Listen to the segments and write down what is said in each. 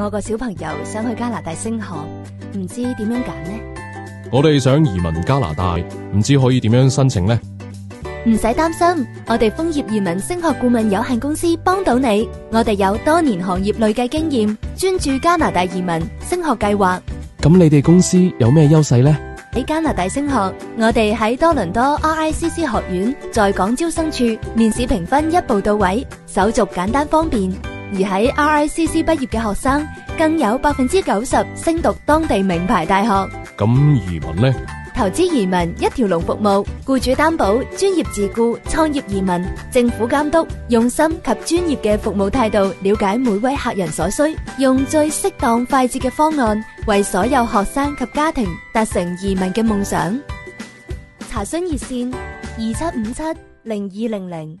我個小朋友想去加拿大升學，唔知點樣揀呢？我哋想移民加拿大，唔知可以點樣申請呢？唔使擔心，我哋楓葉移民升學顧問有限公司幫到你。我哋有多年行業累計經驗，專注加拿大移民升學計劃。咁你哋公司有咩優勢呢？喺加拿大升學，我哋喺多倫多 r I C C RICC 學院在港招生處面試評分一步到位，手續簡單方便。而喺 RICC 畢業嘅學生，更有百分之九十升讀當地名牌大學。咁移民呢？投資移民一條龍服務，僱主擔保、專業自僱、創業移民、政府監督，用心及專業嘅服務態度，了解每位客人所需，用最適當、快捷嘅方案，為所有學生及家庭達成移民嘅夢想。查詢熱線：二七五七零二零零。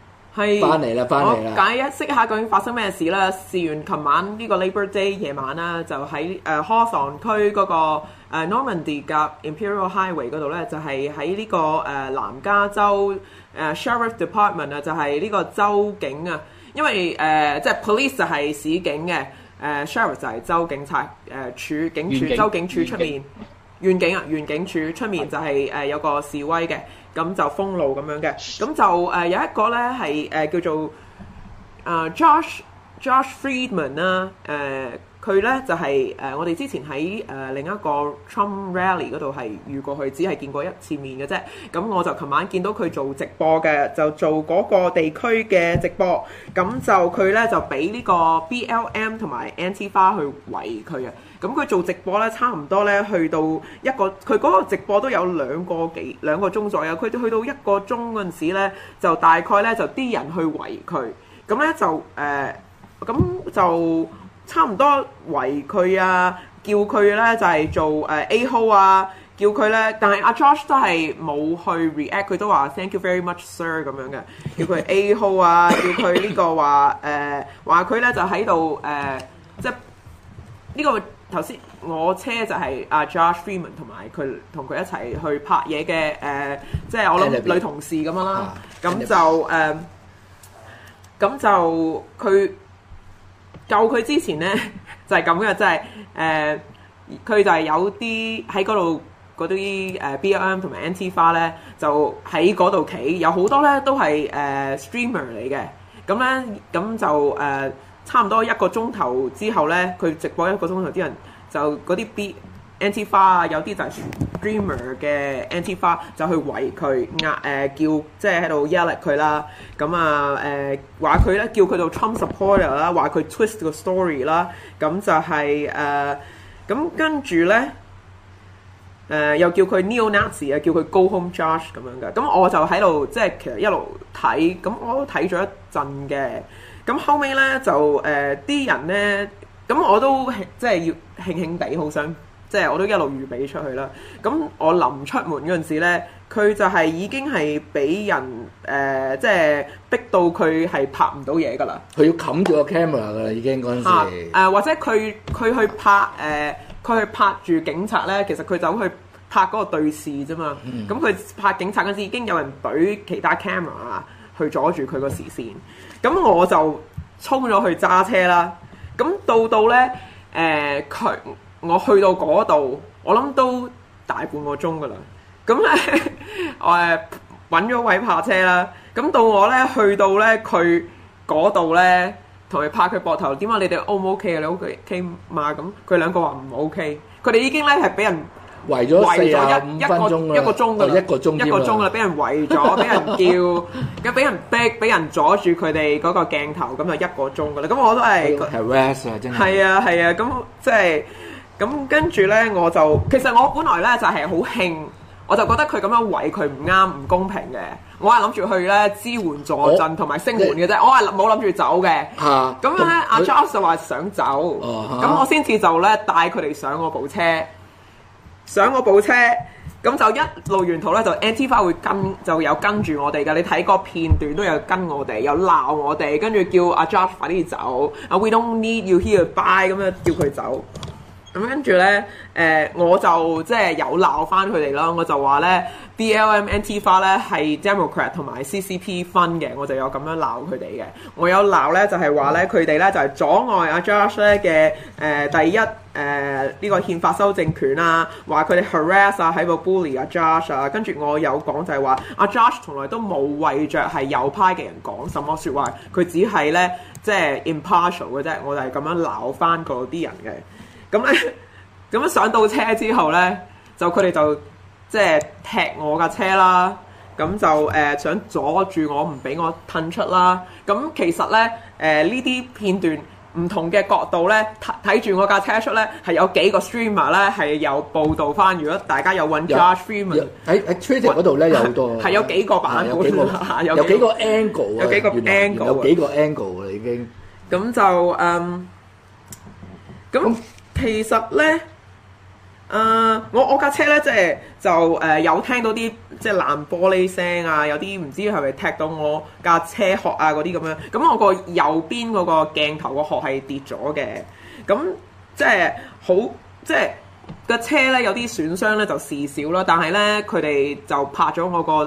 係，翻嚟啦，翻嚟啦！我解釋下究竟發生咩事啦。事源琴晚呢個 Labor Day 夜晚啦，就喺誒、呃、Hawthorne 區嗰、那個、呃、Normandy 嘅 Imperial Highway 嗰度咧，就係喺呢個誒、呃、南加州誒、呃、Sheriff Department 啊，就係呢個州警啊。因為誒即係 Police 就係市警嘅，誒、呃、Sheriff 就係州警察，誒、呃、處警署州警署出面，縣警啊，縣警署出面就係、是、誒、呃就是呃、有個示威嘅。咁就封路咁樣嘅，咁就有一個咧係、呃、叫做、呃、Josh Josh Friedman 啦、呃，佢咧就係、是呃、我哋之前喺、呃、另一個 Trump Rally 嗰度係遇過佢，只係見過一次面嘅啫。咁我就琴晚見到佢做直播嘅，就做嗰個地區嘅直播，咁就佢咧就俾呢個 BLM 同埋 Antifa 去圍佢嘅。咁佢做直播咧，差唔多咧去到一個，佢嗰個直播都有兩個幾兩個鐘左右。佢去到一個鐘嗰陣時咧，就大概咧就啲人去圍佢，咁咧就誒，咁、呃、就差唔多圍佢啊，叫佢咧就係、是、做誒、呃、A-hole 啊，叫佢咧。但係阿、啊、Josh 都係冇去 react，佢都話 thank you very much sir 咁樣嘅，叫佢 A-hole 啊， 叫佢、呃、呢個話話佢咧就喺度誒，即係呢個。頭先我車就係阿、啊、Josh Freeman 同埋佢同佢一齊去拍嘢嘅誒，即、呃、係、就是、我諗女同事咁樣啦，咁就誒，咁、呃、就佢救佢之前咧就係咁嘅，即係誒，佢就係有啲喺嗰度嗰啲誒 BLM 同埋 Antifa 咧，就喺嗰度企，有好多咧都係誒、呃、streamer 嚟嘅，咁咧咁就誒。呃差唔多一個鐘頭之後咧，佢直播一個鐘頭，啲人就嗰啲 B Antifa 啊，有啲就係 streamer 嘅 Antifa，就去圍佢、呃，叫，即係喺度 yell 佢啦。咁啊話佢咧，叫佢做 Trump supporter 啦，話佢 twist 個 story 啦。咁就係咁跟住咧又叫佢 neo nazi 啊，叫佢 go home Josh 咁樣嘅。咁我就喺度即係其實一路睇，咁我都睇咗一陣嘅。咁後尾咧就誒啲、呃、人咧，咁我都即係、就是、要慶慶地，好想即係我都一路預備出去啦。咁我臨出門嗰陣時咧，佢就係已經係俾人誒即係逼到佢係拍唔到嘢噶啦。佢要冚住個 camera 噶啦，已經嗰陣時、啊呃。或者佢佢去拍誒，佢、呃、去拍住警察咧，其實佢就去拍嗰個對視啫嘛。咁、嗯、佢拍警察嗰陣時，已經有人懟其他 camera 去阻住佢個視線。咁我就衝咗去揸車啦，咁到到咧，誒、呃、佢，我去到嗰度，我諗都大半個鐘噶啦，咁咧我誒揾咗位泊車啦，咁到我咧去到咧佢嗰度咧，同佢拍佢膊頭，點解你哋 O 唔 OK 啊？你 O K 嘛？咁佢兩個話唔 OK，佢哋已經咧係俾人。圍咗四啊五分鐘啦，一個鐘一個鐘一個鐘啦，俾人圍咗，俾人叫，咁俾人逼，俾人阻住佢哋嗰個鏡頭，咁就一個鐘噶啦。咁我都係係 rest 啊，真係係啊係啊，咁即係咁跟住咧，我就其實我本來咧就係好㷫，我就覺得佢咁樣圍佢唔啱，唔公平嘅。我係諗住去咧支援助陣同埋聲援嘅啫，我係冇諗住走嘅。吓咁咧，阿 Charles 就話想走，咁我先至就咧帶佢哋上我部車。上我部車，咁就一路沿途咧就 Antifa 會跟就有跟住我哋㗎，你睇個片段都有跟我哋，有鬧我哋，跟住叫阿 Joseph 快啲走，啊 We don't need you here，bye 咁樣叫佢走。咁跟住咧，誒我就即係有鬧翻佢哋啦。我就話咧，B L M Antifa 咧係 Democrat 同埋 C C P fund 嘅，我就有咁樣鬧佢哋嘅。我有鬧咧，就係話咧，佢哋咧就係、是、阻礙阿 Josh 咧嘅誒第一誒呢、呃這個憲法修正權啦，話佢哋 harass 啊，喺度 bully 阿、啊、Josh 啊。跟住我有講就係話阿 Josh 從來都冇為著係右派嘅人講什麼説話，佢只係咧即係 impartial 嘅啫。我就係咁樣鬧翻嗰啲人嘅。咁咧，咁樣上到車之後咧，就佢哋就即係、就是、踢我架車啦。咁就誒、呃、想阻住我，唔俾我褪出啦。咁、嗯、其實咧，誒呢啲片段唔同嘅角度咧，睇睇住我架車出咧，係有幾個 streamer 咧係有報導翻。如果大家有搵 j h a g e streamer 喺喺 Twitter 度咧，有好多係有幾個版，有幾個有幾，有幾個 angle、啊、有幾個 angle、啊、原來原來有幾個 angle 啦、啊、已經。咁就嗯，咁。嗯。其實咧，誒、呃、我我架車咧，即係就誒、是呃、有聽到啲即係爛玻璃聲啊，有啲唔知係咪踢到我架車殼啊嗰啲咁樣。咁我個右邊嗰個鏡頭個殼係跌咗嘅。咁即係好即係個車咧有啲損傷咧就事小啦，但係咧佢哋就拍咗我個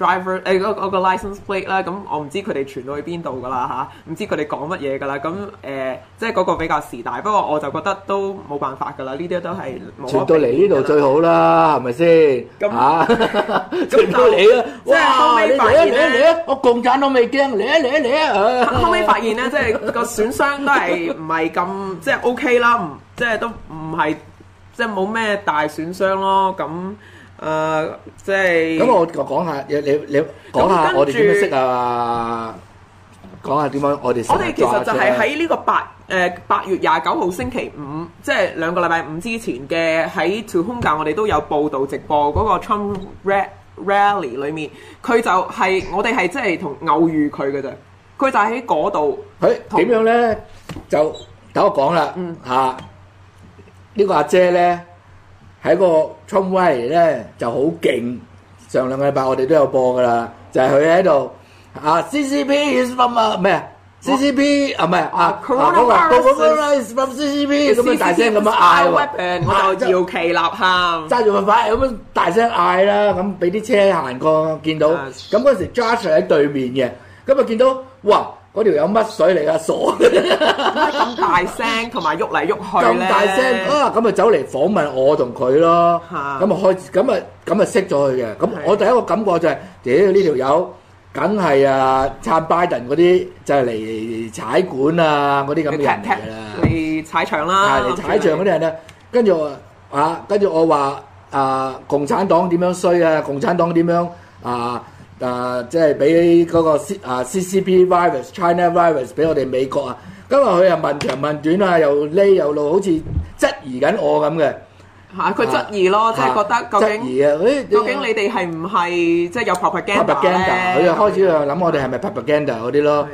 driver，誒我我個 license plate 啦，咁我唔知佢哋傳到去邊度噶啦嚇，唔知佢哋講乜嘢噶啦，咁誒即係嗰個比較時大，不過我就覺得都冇辦法噶啦，呢啲都係傳到嚟呢度最好啦，係咪先？嚇，傳到嚟啦！哇，你嚟嚟嚟，我共產都未驚，嚟嚟嚟啊！後尾發現咧，即係個損傷都係唔係咁即係 OK 啦，即係都唔係即係冇咩大損傷咯，咁。誒、呃，即係咁，我講下，你你你講下我哋點識啊？講下點樣我哋識、啊、我哋其實就係喺呢個八誒八月廿九號星期五，即、就、係、是、兩個禮拜五之前嘅喺 Tujunga，我哋都有報道直播嗰、那個 Trump Rally 裏面，佢就係、是、我哋係即係同偶遇佢嘅啫。佢就喺嗰度，佢點樣咧？就等我講啦嚇，嗯啊這個、呢個阿姐咧。喺個春威咧就好勁，上兩個禮拜我哋都有播噶啦，就係佢喺度啊，C C P is from a, 啊，唔係 C C P 啊，唔係啊 Coronavirus is from C C P 咁樣大聲咁樣嗌喎，我、啊、就搖旗吶喊，揸住個牌咁樣大聲嗌啦，咁俾啲車行過見到，咁、yes. 嗰時 Joshua 喺對面嘅，咁啊見到哇！嗰條友乜水嚟噶？傻咁 大聲，同埋喐嚟喐去咁大聲啊！咁咪走嚟訪問我同佢咯。咁咪開，咁咪咁咪識咗佢嘅。咁我第一個感覺就係、是，咦？呢條友梗係啊，撐拜登嗰啲就係、是、嚟踩館啊，嗰啲咁嘅人嚟踩，踩，踩場啦！嚟、啊、踩場嗰啲人咧，跟住我啊，跟住我話啊，共產黨點樣衰啊？共產黨點樣啊？啊，即係俾嗰個 C 啊 CCP virus、China virus 俾我哋美國啊，今日佢又問長問短啊，又匿又露，好似質疑緊我咁嘅嚇，佢質疑咯，啊、即係覺得究竟，質疑啊、哎，究竟你哋係唔係即係有 propaganda，佢又開始諗我哋係咪 propaganda 嗰啲咯。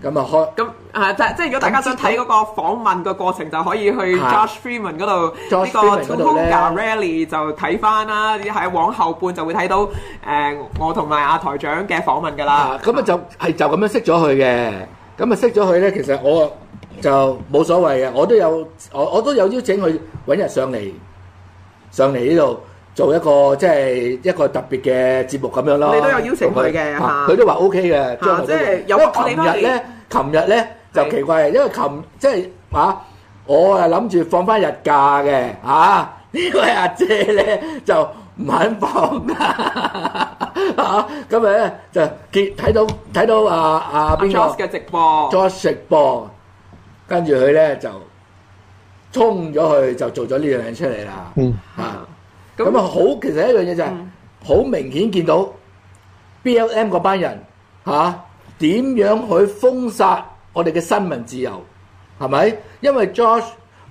咁、嗯、啊，開咁啊，即係、嗯、即係，如果大家想睇嗰個訪問嘅過程，就可以去 Josh Freeman 嗰度、這個、呢個 Tucker Rally 就睇翻啦。喺往後半就會睇到誒、呃、我同埋阿台長嘅訪問噶啦。咁啊、嗯嗯，就係就咁樣識咗佢嘅。咁啊，識咗佢咧，其實我就冇所謂嘅。我都有我我都有邀請佢揾日上嚟上嚟呢度。做一個即係一個特別嘅節目咁樣咯。你都有邀請佢嘅嚇，佢都話 OK 嘅。即係有個琴日咧，琴日咧就奇怪，因為琴即係啊，我呀諗住放翻日假嘅嚇，呢個阿姐咧就唔肯放啊！嚇，今日咧就見睇到睇到啊啊邊個？Josh 嘅直播。Josh 直播，跟住佢咧就衝咗去，就做咗呢樣嘢出嚟啦。嗯啊。咁啊，好！其實一樣嘢就係好明顯見到 BLM 嗰班人嚇點樣去封殺我哋嘅新聞自由，係咪？因為 Josh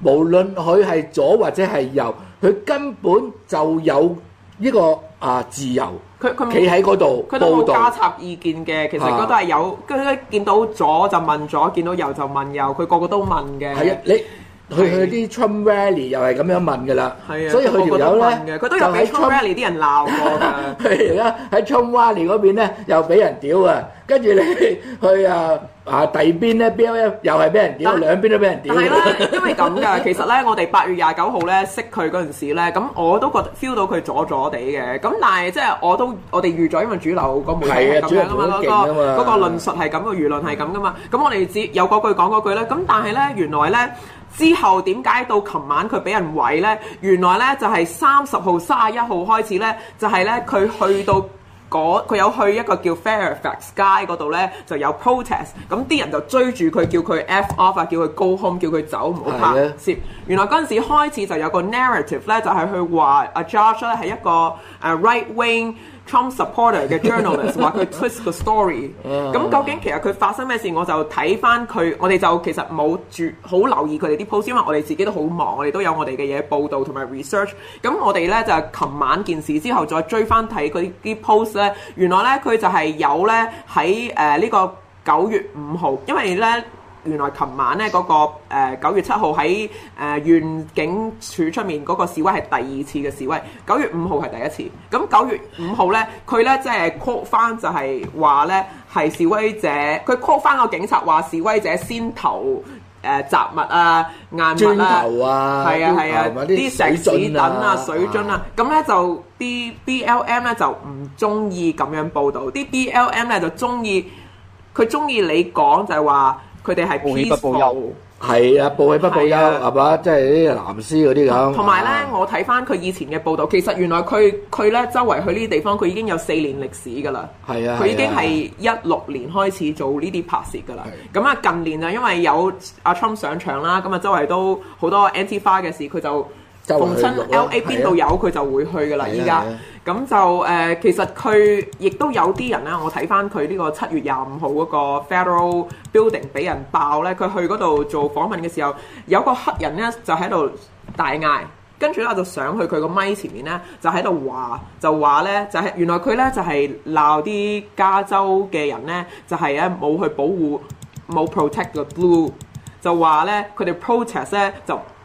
無論佢係左或者係右，佢根本就有呢個啊自由。佢佢冇企喺嗰度報導。佢都冇加插意見嘅，其實佢都係有。跟住見到左就問左，見到右就問右，佢個個都問嘅。係啊，你。去去啲 Trump rally 又係咁樣問噶啦，所以佢條友咧都有俾 Trump rally 啲人鬧過，佢而家喺 Trump rally 嗰邊咧又俾人屌啊！跟住你去啊啊第二邊咧，BLM 又係俾人屌，兩邊都俾人屌。係啦，因為咁噶，其實咧我哋八月廿九號咧識佢嗰陣時咧，咁我都覺得 feel 到佢阻阻地嘅。咁但係即係我都我哋預咗，因為主流嗰門係咁樣噶嘛，嗰個論述係咁，個輿論係咁噶嘛。咁我哋知有嗰句講嗰句咧。咁但係咧，原來咧。之後點解到琴晚佢俾人毀咧？原來咧就係三十號、三十一號開始咧，就係咧佢去到嗰佢有去一個叫 Fairfax 街嗰度咧，就有 protest，咁啲人就追住佢叫佢 f off 啊，叫佢 go home，叫佢走，唔好拍攝。原來嗰陣時開始就有個 narrative 咧，就係、是、去話阿 George 咧係一個誒 right wing。Trump supporter 嘅 journalist 話佢 twist 個 story，咁 究竟其實佢發生咩事？我就睇翻佢，我哋就其實冇住好留意佢哋啲 post，因為我哋自己都好忙，我哋都有我哋嘅嘢報道同埋 research。咁我哋咧就係琴晚件事之後再追翻睇佢啲 post 咧，原來咧佢就係有咧喺誒呢、呃這個九月五號，因為咧。原來琴晚咧嗰、那個九、呃、月七號喺誒園警處出面嗰個示威係第二次嘅示威，九月五號係第一次。咁九月五號咧，佢咧即係 call 翻就係話咧係示威者，佢 call 翻個警察話示威者先投誒雜物啊、硬物啊、磚頭啊，係啊啲、啊啊、石子等啊、水樽啊，咁、啊、咧就啲 BLM 咧就唔中意咁樣報導，啲 BLM 咧就中意佢中意你講就係話。佢哋係報喜不報憂，係啊報喜不報憂，係嘛、啊？即係啲藍絲嗰啲咁。同埋咧，我睇翻佢以前嘅報導，其實原來佢佢咧周圍去呢啲地方，佢已經有四年歷史㗎啦。係啊，佢已經係一六年開始做呢啲拍攝㗎啦。咁啊，啊近年啊，因為有阿、啊、Trump 上場啦，咁啊，周圍都好多 Antifa 嘅事，佢就。逢親 LA 邊度有佢、啊、就會去㗎啦，依家咁就、呃、其實佢亦都有啲人咧，我睇翻佢呢個七月廿五號嗰個 Federal Building 俾人爆咧，佢去嗰度做訪問嘅時候，有個黑人咧就喺度大嗌，跟住咧就上去佢個咪前面咧就喺度話就話咧就係、是、原來佢咧就係鬧啲加州嘅人咧就係、是、冇去保護冇 protect the blue，就話咧佢哋 protest 咧就。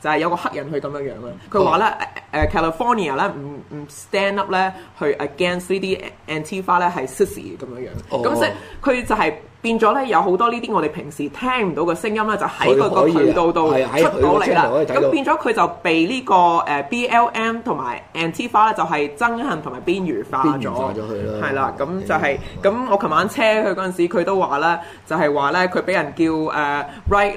就係、是、有個黑人去咁樣樣，佢話咧誒 California 咧唔唔 stand up 咧去 against 呢啲 antifa 咧係 sissy 咁樣樣，咁即係佢就係、是、變咗咧有好多呢啲我哋平時聽唔到嘅聲音咧，就喺佢個渠道度出到嚟啦。咁變咗佢就被呢個 BLM 同埋 antifa 咧就係憎恨同埋邊緣化咗，係啦，咁就係、是、咁。我琴晚車佢嗰陣時，佢都話咧，就係話咧佢俾人叫誒、uh, right。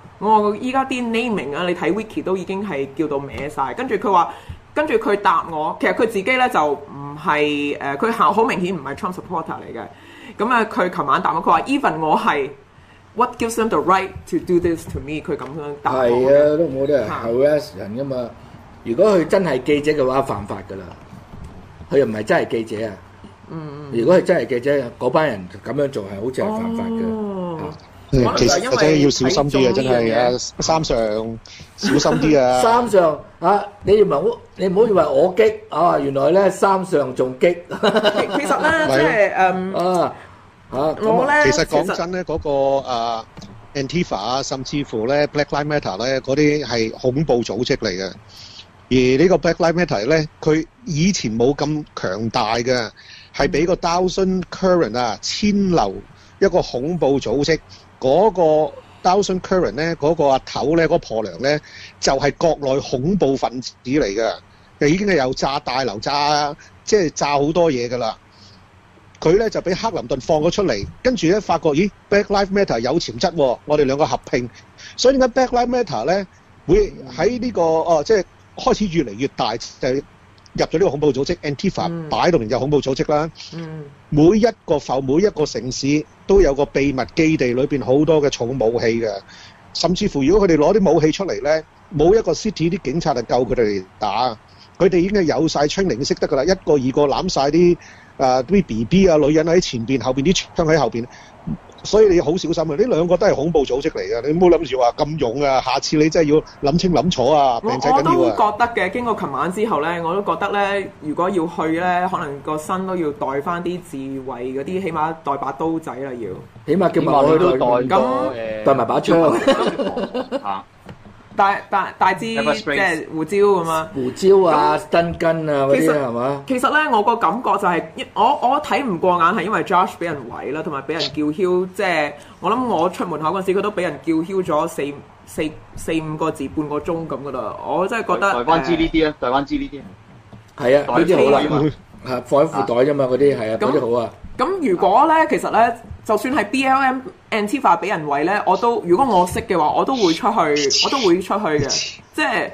我依家啲 naming 啊，你睇 wiki 都已經係叫到咩晒。跟住佢話，跟住佢答我，其實佢自己咧就唔係誒，佢、呃、好明顯唔係 Trump supporter 嚟嘅。咁、嗯、啊，佢琴晚答我，佢話 Even 我係 What gives them the right to do this to me？佢咁樣答我係啊，都冇啲人口 S 人噶嘛。如果佢真係記者嘅話，犯法噶啦。佢又唔係真係記者啊。嗯，如果佢真係記者，嗰、嗯、班、嗯、人咁樣做係好似係犯法嘅。哦嗯其實或者要小心啲啊，真係啊，三上小心啲啊！三上嚇，你唔好你唔好以為我激啊，原來咧三上仲激。其實咧，即係誒啊啊！我咧其實講真咧，嗰個誒 Antifa 甚至乎咧 Black Lives Matter 咧嗰啲係恐怖組織嚟嘅。而呢個 Black Lives Matter 咧，佢以前冇咁強大嘅，係俾個 Thousand Currents 啊千流一個恐怖組織。嗰、那個 Dowson Curran 咧，嗰、那個阿頭咧，嗰、那個婆娘咧，就係、是、國內恐怖分子嚟嘅，又已經係有炸大樓炸，即係炸好、就是、多嘢㗎啦。佢咧就俾克林頓放咗出嚟，跟住咧發覺咦 Black Lives Matter 有潛質喎、啊，我哋兩個合拼，所以點解 Black Lives Matter 咧會喺呢、這個哦，即、就、係、是、開始越嚟越大就是？入咗呢個恐怖組織 Antifa，擺到明就恐怖組織啦、嗯。每一個埠、每一個城市都有個秘密基地，裏面好多嘅重武器嘅。甚至乎，如果佢哋攞啲武器出嚟咧，冇一個 city 啲警察就救佢哋打，佢哋已經有晒清零 a 識得噶啦，一個二個攬晒啲誒啲 BB 啊，女人喺前面、後面啲槍喺後面。所以你好小心啊！呢兩個都係恐怖組織嚟啊！你唔好諗住話咁勇啊！下次你真係要諗清諗楚啊！病仔啲啊！我，我都會覺得嘅。經過琴晚之後咧，我都覺得咧，如果要去咧，可能個身都要帶翻啲智慧嗰啲，起碼帶把刀仔啦，要起碼叫埋佢都帶，帶埋把槍。 大大大支即係胡椒咁啊，胡椒啊、Stun Gun 啊啲係嘛？其實咧，我個感覺就係、是、我我睇唔過眼，係因為 Josh 俾人毀啦，同埋俾人叫囂。即、就、係、是、我諗，我出門口嗰陣時，佢都俾人叫囂咗四四四五個字半個鐘咁噶啦。我真係覺得。袋翻支呢啲啊，袋翻支呢啲。係啊，袋翻好啦，放喺褲袋啫嘛，嗰啲係啊，袋翻好啊。咁、 啊啊啊、如果咧、啊，其實咧。就算係 BLM Antifa，俾人圍咧，我都如果我識嘅話，我都會出去，我都會出去嘅。即係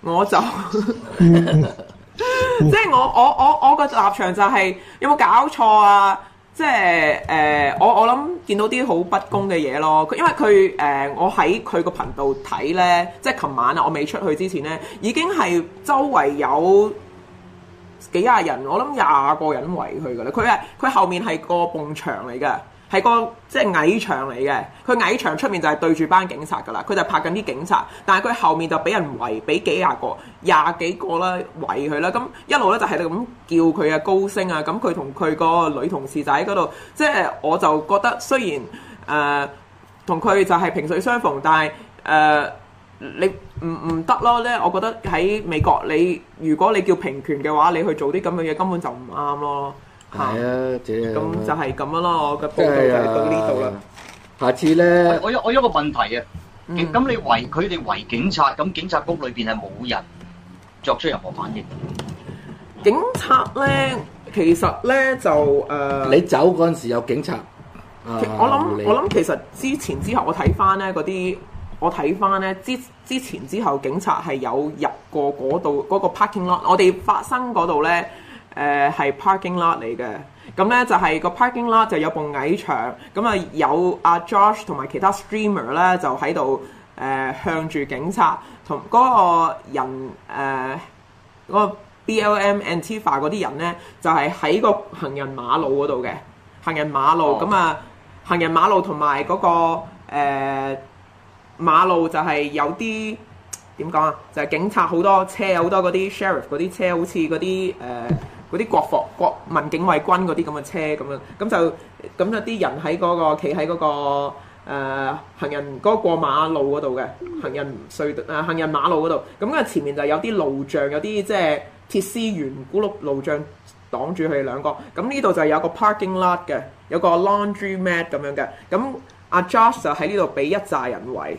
我就、 嗯嗯、即係我我我我個立場就係、是、有冇搞錯啊？即係誒、呃，我我諗見到啲好不公嘅嘢咯。佢因為佢誒、呃，我喺佢個頻道睇咧，即係琴晚啊，我未出去之前咧，已經係周圍有幾廿人，我諗廿個人圍佢噶啦。佢係佢後面係個墳場嚟噶。係個即係矮牆嚟嘅，佢矮牆出面就係對住班警察噶啦，佢就拍緊啲警察，但係佢後面就俾人圍，俾幾廿個、廿幾個啦圍佢啦，咁一路咧就喺度咁叫佢啊高聲啊，咁佢同佢個女同事在那裡就喺嗰度，即係我就覺得雖然誒同佢就係萍水相逢，但係誒、呃、你唔唔得咯咧，我覺得喺美國你如果你叫平權嘅話，你去做啲咁嘅嘢根本就唔啱咯。係、嗯、啊，咁就係咁樣咯。我嘅報道就到呢度啦。下次咧，我有我有個問題啊。咁、嗯、你圍佢哋圍警察，咁警察局裏邊係冇人作出任何反應？警察咧，其實咧就誒、呃，你走嗰陣時有警察。呃、我諗我諗，其實之前之後我睇翻咧嗰啲，我睇翻咧之之前之後，警察係有入過嗰度嗰個 parking lot。我哋發生嗰度咧。誒、呃、係 parking lot 嚟嘅，咁、嗯、咧就係、是、個 parking lot 就有一部矮牆，咁、嗯、啊有阿 Josh 同埋其他 streamer 咧就喺度誒向住警察同嗰個人誒嗰、呃那個 BLM Antifa 嗰啲人咧，就係、是、喺個行人馬路嗰度嘅行人馬路，咁、oh. 啊、嗯、行人馬路同埋嗰個誒、呃、馬路就係有啲點講啊，就係、是、警察好多車，好多嗰啲 sheriff 嗰啲車，好似嗰啲誒。呃嗰啲國防國民警衛軍嗰啲咁嘅車，咁樣咁就咁有啲人喺嗰、嗰個企喺嗰個、呃、行人嗰、嗰個過馬路嗰度嘅行人隧誒、呃、行人馬路嗰度咁嘅，前面就有啲路障，有啲即係鐵絲圓咕碌路障擋住佢哋兩個。咁呢度就有個 parking lot 嘅，有個 laundry mat 咁樣嘅。咁阿 Josh 就喺呢度俾一紮人圍。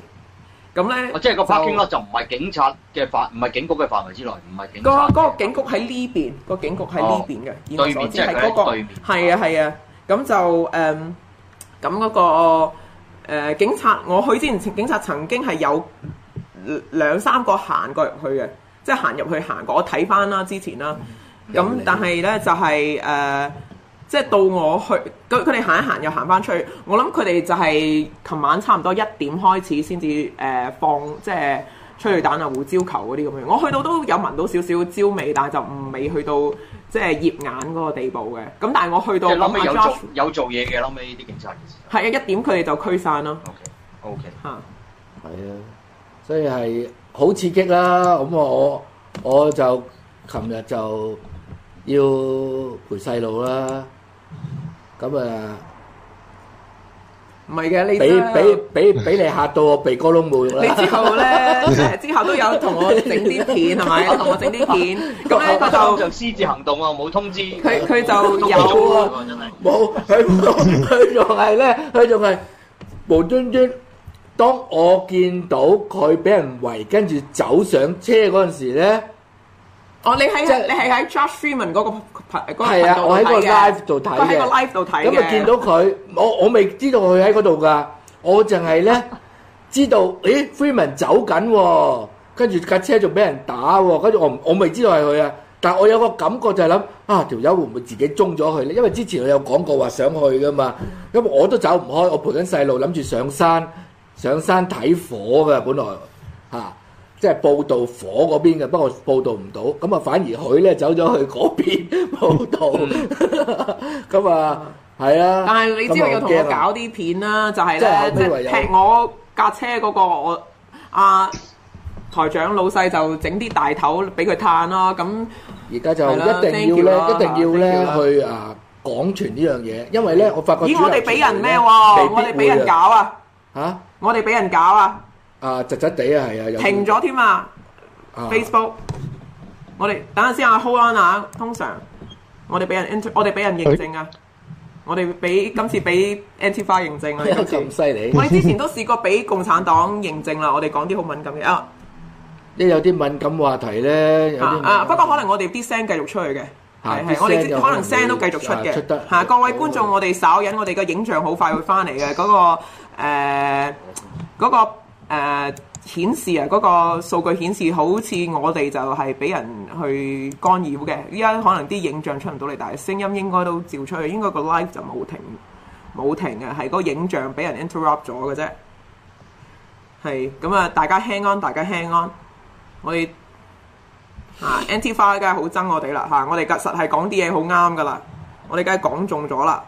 咁咧，即係個 parking 咯，就唔係警察嘅範，唔係警局嘅範圍之內，唔係警。個嗰個警局喺呢邊，個警局喺呢邊嘅，對、哦、面即係喺對面。係啊，係啊，咁就誒咁嗰個、呃、警察，我去之前，警察曾經係有兩三個行過入去嘅，即係行入去行過。我睇翻啦，之前啦，咁但係咧就係、是、誒。呃即係到我去佢佢哋行一行又行翻出去，我諗佢哋就係琴晚差唔多一點開始先至誒放即係催淚彈啊胡椒球嗰啲咁樣。我去到都有聞到少少焦味，但係就唔未去到即係醃眼嗰個地步嘅。咁但係我去到咁，阿、嗯、j 有做嘢嘅，臨尾呢啲警察的事。係啊，一點佢哋就驅散啦。OK，OK，、okay, okay. 吓、嗯，係啊，所以係好刺激啦。咁我我就琴日就要陪細路啦。咁啊，唔係嘅，你俾俾俾俾你嚇到我鼻哥窿冇用啦！你之後咧，之後都有同我整啲片係咪？同我整啲片咁咧，佢就就私自行動喎，冇通知。佢佢就有喎，真係冇。佢仲係咧，佢仲係無端端。當我見到佢俾人圍，跟住走上車嗰陣時咧。我、哦、你喺、就係、你係喺 Josh Freeman 嗰個嗰、啊、個 live 度睇嘅，live 度睇咁啊見到佢，我我未知道佢喺嗰度噶，我淨係咧知道，誒，Freeman 走緊喎、哦，跟住架車仲俾人打喎、哦，跟住我我未知道係佢啊，但我有個感覺就係諗，啊，條友會唔會自己中咗去咧？因為之前我有講過話想去噶嘛，因為我都走唔開，我陪緊細路諗住上山上山睇火嘅，本來嚇。即係報道火嗰邊嘅，不過報道唔到，咁啊反而佢咧走咗去嗰邊報道，咁啊係啊。但係你知道要同我搞啲片啦，就係咧踢我架車嗰個我啊台長老細就整啲大頭俾佢嘆咯。咁而家就一定要咧，一定要咧去啊講傳呢樣嘢，因為咧我發覺。咦？我哋俾人咩喎？我哋俾人搞啊！嚇！我哋俾人搞啊！啊，窒窒地啊，係啊，停咗添啊！Facebook，我哋等下先啊，Hold on 啊，通常我哋俾人 inter，我哋俾人認證啊，我哋俾今次俾 Antifa 認證啊，咁犀利！我哋之前都試過俾共產黨認證啦，我哋講啲好敏感嘅啊，一有啲敏感話題咧，啊啊！不過可能我哋啲聲繼續出去嘅，係係，我哋可能聲都繼續出嘅，出得吓！各位觀眾，我哋稍忍，我哋個影像好快會翻嚟嘅，嗰個誒，嗰個。誒、uh, 顯示啊，嗰、那個數據顯示好似我哋就係俾人去干擾嘅。依家可能啲影像出唔到嚟，但係聲音應該都照出去，應該個 live 就冇停冇停嘅，係嗰個影像俾人 interrupt 咗嘅啫。係咁啊，大家 hang on，大家 hang on，我哋啊，Antifa 梗係好憎我哋啦嚇，我哋實係講啲嘢好啱噶啦，我哋梗係講中咗啦。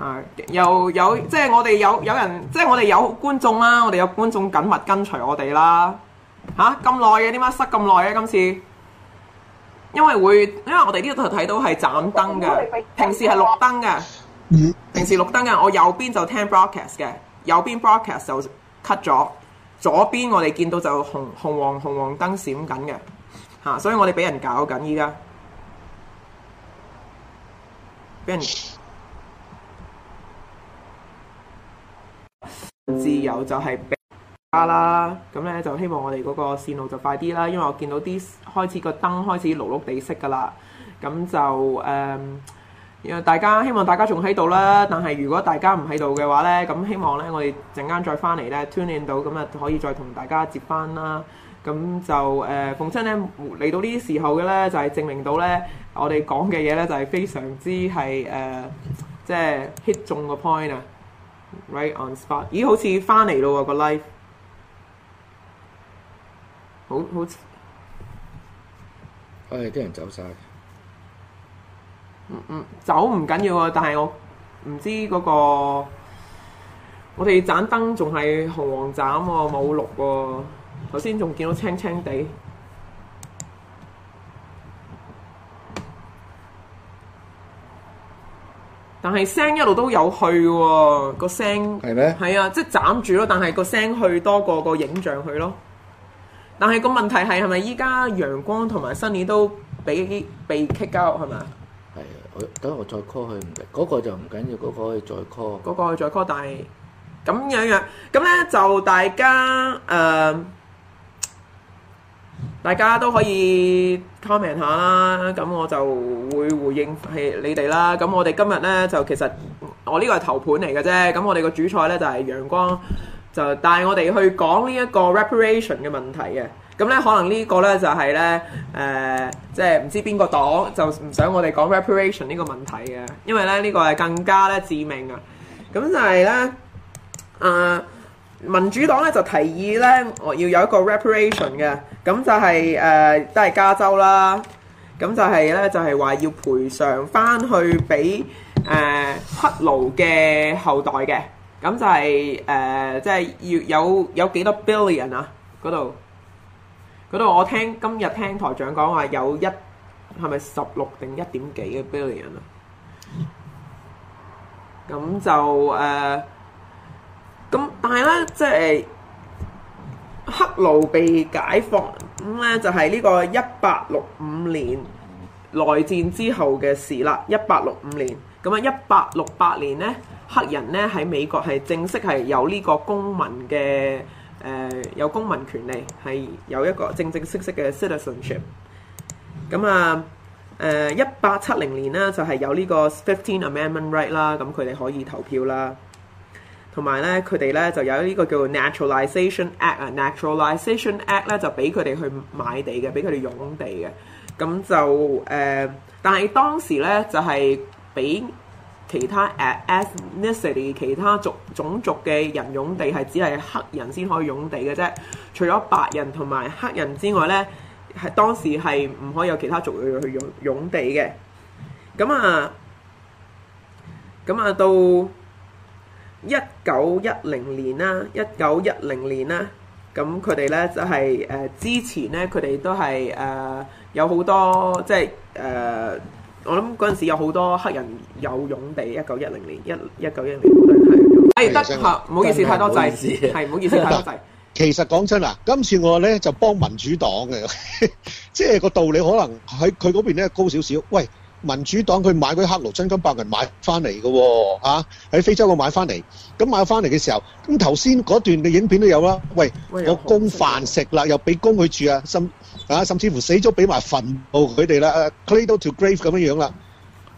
啊！又有，即係我哋有有人，即係我哋有觀眾啦，我哋有觀眾緊密跟隨我哋啦。吓，咁耐嘅點解塞咁耐嘅今次？因為會，因為我哋呢度睇到係斬燈嘅，平時係綠燈嘅，平時綠燈嘅。我右邊就聽 broadcast 嘅，右邊 broadcast 就 cut 咗，左邊我哋見到就紅紅黃紅黃燈閃緊嘅。吓、啊，所以我哋俾人搞緊依家俾人。自由就係俾大家啦，咁咧就希望我哋嗰個線路就快啲啦，因為我見到啲開始個燈開始綠綠地熄噶啦，咁就誒，嗯、大家希望大家仲喺度啦，但係如果大家唔喺度嘅話咧，咁希望咧我哋陣間再翻嚟咧 tune in 到咁啊，就可以再同大家接翻啦，咁就誒，逢親咧嚟到呢啲時候嘅咧，就係、是、證明到咧我哋講嘅嘢咧就係非常之係誒，即、呃、係、就是、hit 中個 point 啊！Right on spot，咦好似翻嚟咯喎個 live，好好。唉，啲、哎、人走曬，嗯嗯走唔緊要喎，但係我唔知嗰、嗰個我哋盞燈仲係紅黃斬喎、啊，冇綠喎、啊，頭先仲見到青青地。但係聲一路都有去喎、哦，個聲係咩？係啊，即係斬住咯。但係個聲去多過個影像去咯。但係個問題係係咪依家陽光同埋新年都俾啲被 kick out 係咪？係啊，等我再 call 佢唔嚟，嗰、那個就唔緊要，嗰、那個可以再 call，嗰、那個可以再 call 但。但係咁樣這樣咁咧，就大家誒。呃大家都可以 comment 下啦，咁我就會回應係你哋啦。咁我哋今日咧就其實我呢個係頭盤嚟嘅啫，咁我哋個主菜咧就係陽光就帶我哋去講呢一個 reparation 嘅問題嘅。咁咧可能呢個咧就係咧誒，即係唔知邊個黨就唔想我哋講 reparation 呢個問題嘅，因為咧呢個係更加咧致命啊。咁就係咧誒，民主黨咧就提議咧我要有一個 reparation 嘅。咁就係誒，都係加州啦。咁就係咧，就係話要賠償翻去俾誒黑奴嘅後代嘅。咁就係誒，即係要有有幾多 billion 啊？嗰度嗰度我聽今日聽台長講話有一，係咪十六定一點幾嘅 billion 啊？咁就誒，咁但係咧，即係。黑奴被解放咁咧、嗯，就係、是、呢個一八六五年內戰之後嘅事啦。一八六五年，咁啊，一八六八年咧，黑人咧喺美國係正式係有呢個公民嘅、呃、有公民權利，係有一個正正式式嘅 citizenship。咁、呃、啊，一八七零年咧，就係、是、有呢個 Fifteen Amendment Right 啦，咁佢哋可以投票啦。同埋咧，佢哋咧就有呢個叫 Naturalization Act 啊 Naturalization Act 咧就俾佢哋去買地嘅，俾佢哋擁地嘅。咁就誒、呃，但係當時咧就係、是、俾其他 ethnicity 其他族種族嘅人擁地，係只係黑人先可以擁地嘅啫。除咗白人同埋黑人之外咧，係當時係唔可以有其他族裔去擁擁地嘅。咁啊，咁啊到。一九一零年啦，一九一零年啦，咁佢哋咧就係、是、誒、呃、之前咧，佢哋都係誒、呃、有好多即係誒，我諗嗰陣時有好多黑人有勇地。一九一零年，一一九一零年是。誒、哎、得客，唔好意思，太多字，係唔好意思，好意思 太多字。其實講真啊，今次我咧就幫民主黨嘅，即 係個道理可能喺佢嗰邊咧高少少。喂！民主黨佢買嗰啲黑奴真金白銀買翻嚟嘅喎，嚇喺非洲度買翻嚟，咁買翻嚟嘅時候，咁頭先嗰段嘅影片都有啦。喂，我供飯食啦，又俾供佢住啊，甚啊，甚至乎死咗俾埋墳墓佢哋啦，cradle to grave 咁樣樣啦。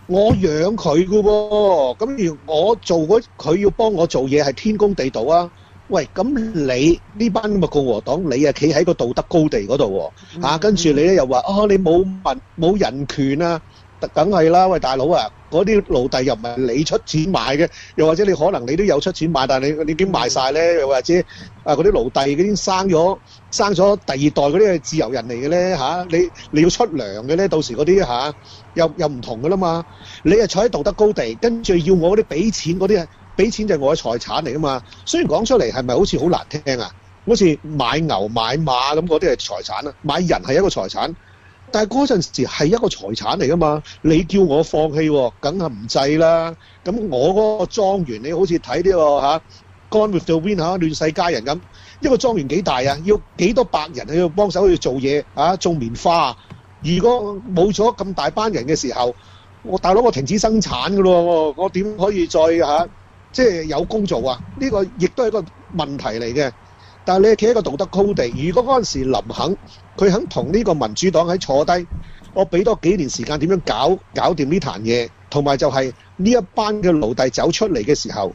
我養佢嘅喎，咁如我做嗰佢要幫我做嘢係天公地道啊。喂，咁你呢班咁嘅共和黨，你啊企喺個道德高地嗰度喎，嚇跟住你咧又話哦，你冇民冇人權啊？梗係啦，喂，大佬啊，嗰啲奴隸又唔係你出錢買嘅，又或者你可能你都有出錢買，但係你你已經賣晒咧，又或者啊嗰啲奴隸嗰啲生咗生咗第二代嗰啲係自由人嚟嘅咧嚇，你你要出糧嘅咧，到時嗰啲嚇又又唔同噶啦嘛，你係坐喺道德高地，跟住要我嗰啲俾錢嗰啲係，俾錢就係我嘅財產嚟噶嘛，雖然講出嚟係咪好似好難聽啊？好似買牛買馬咁嗰啲係財產啊，買人係一個財產。但係嗰陣時係一個財產嚟噶嘛，你叫我放棄、啊，梗係唔制啦。咁我嗰個莊園，你好似睇啲嚇，Gone with the Wind 嚇、啊、亂世佳人咁，一個莊園幾大啊？要幾多百人去幫手去做嘢啊？種棉花、啊、如果冇咗咁大班人嘅時候，我大佬我停止生產噶咯，我點可以再嚇、啊、即係有工做啊？呢、呢個亦都係一個問題嚟嘅。但你係企喺個道德高地。如果嗰陣時林肯佢肯同呢個民主黨喺坐低，我俾多幾年時間點樣搞搞掂呢壇嘢，同埋就係呢一班嘅奴隸走出嚟嘅時候，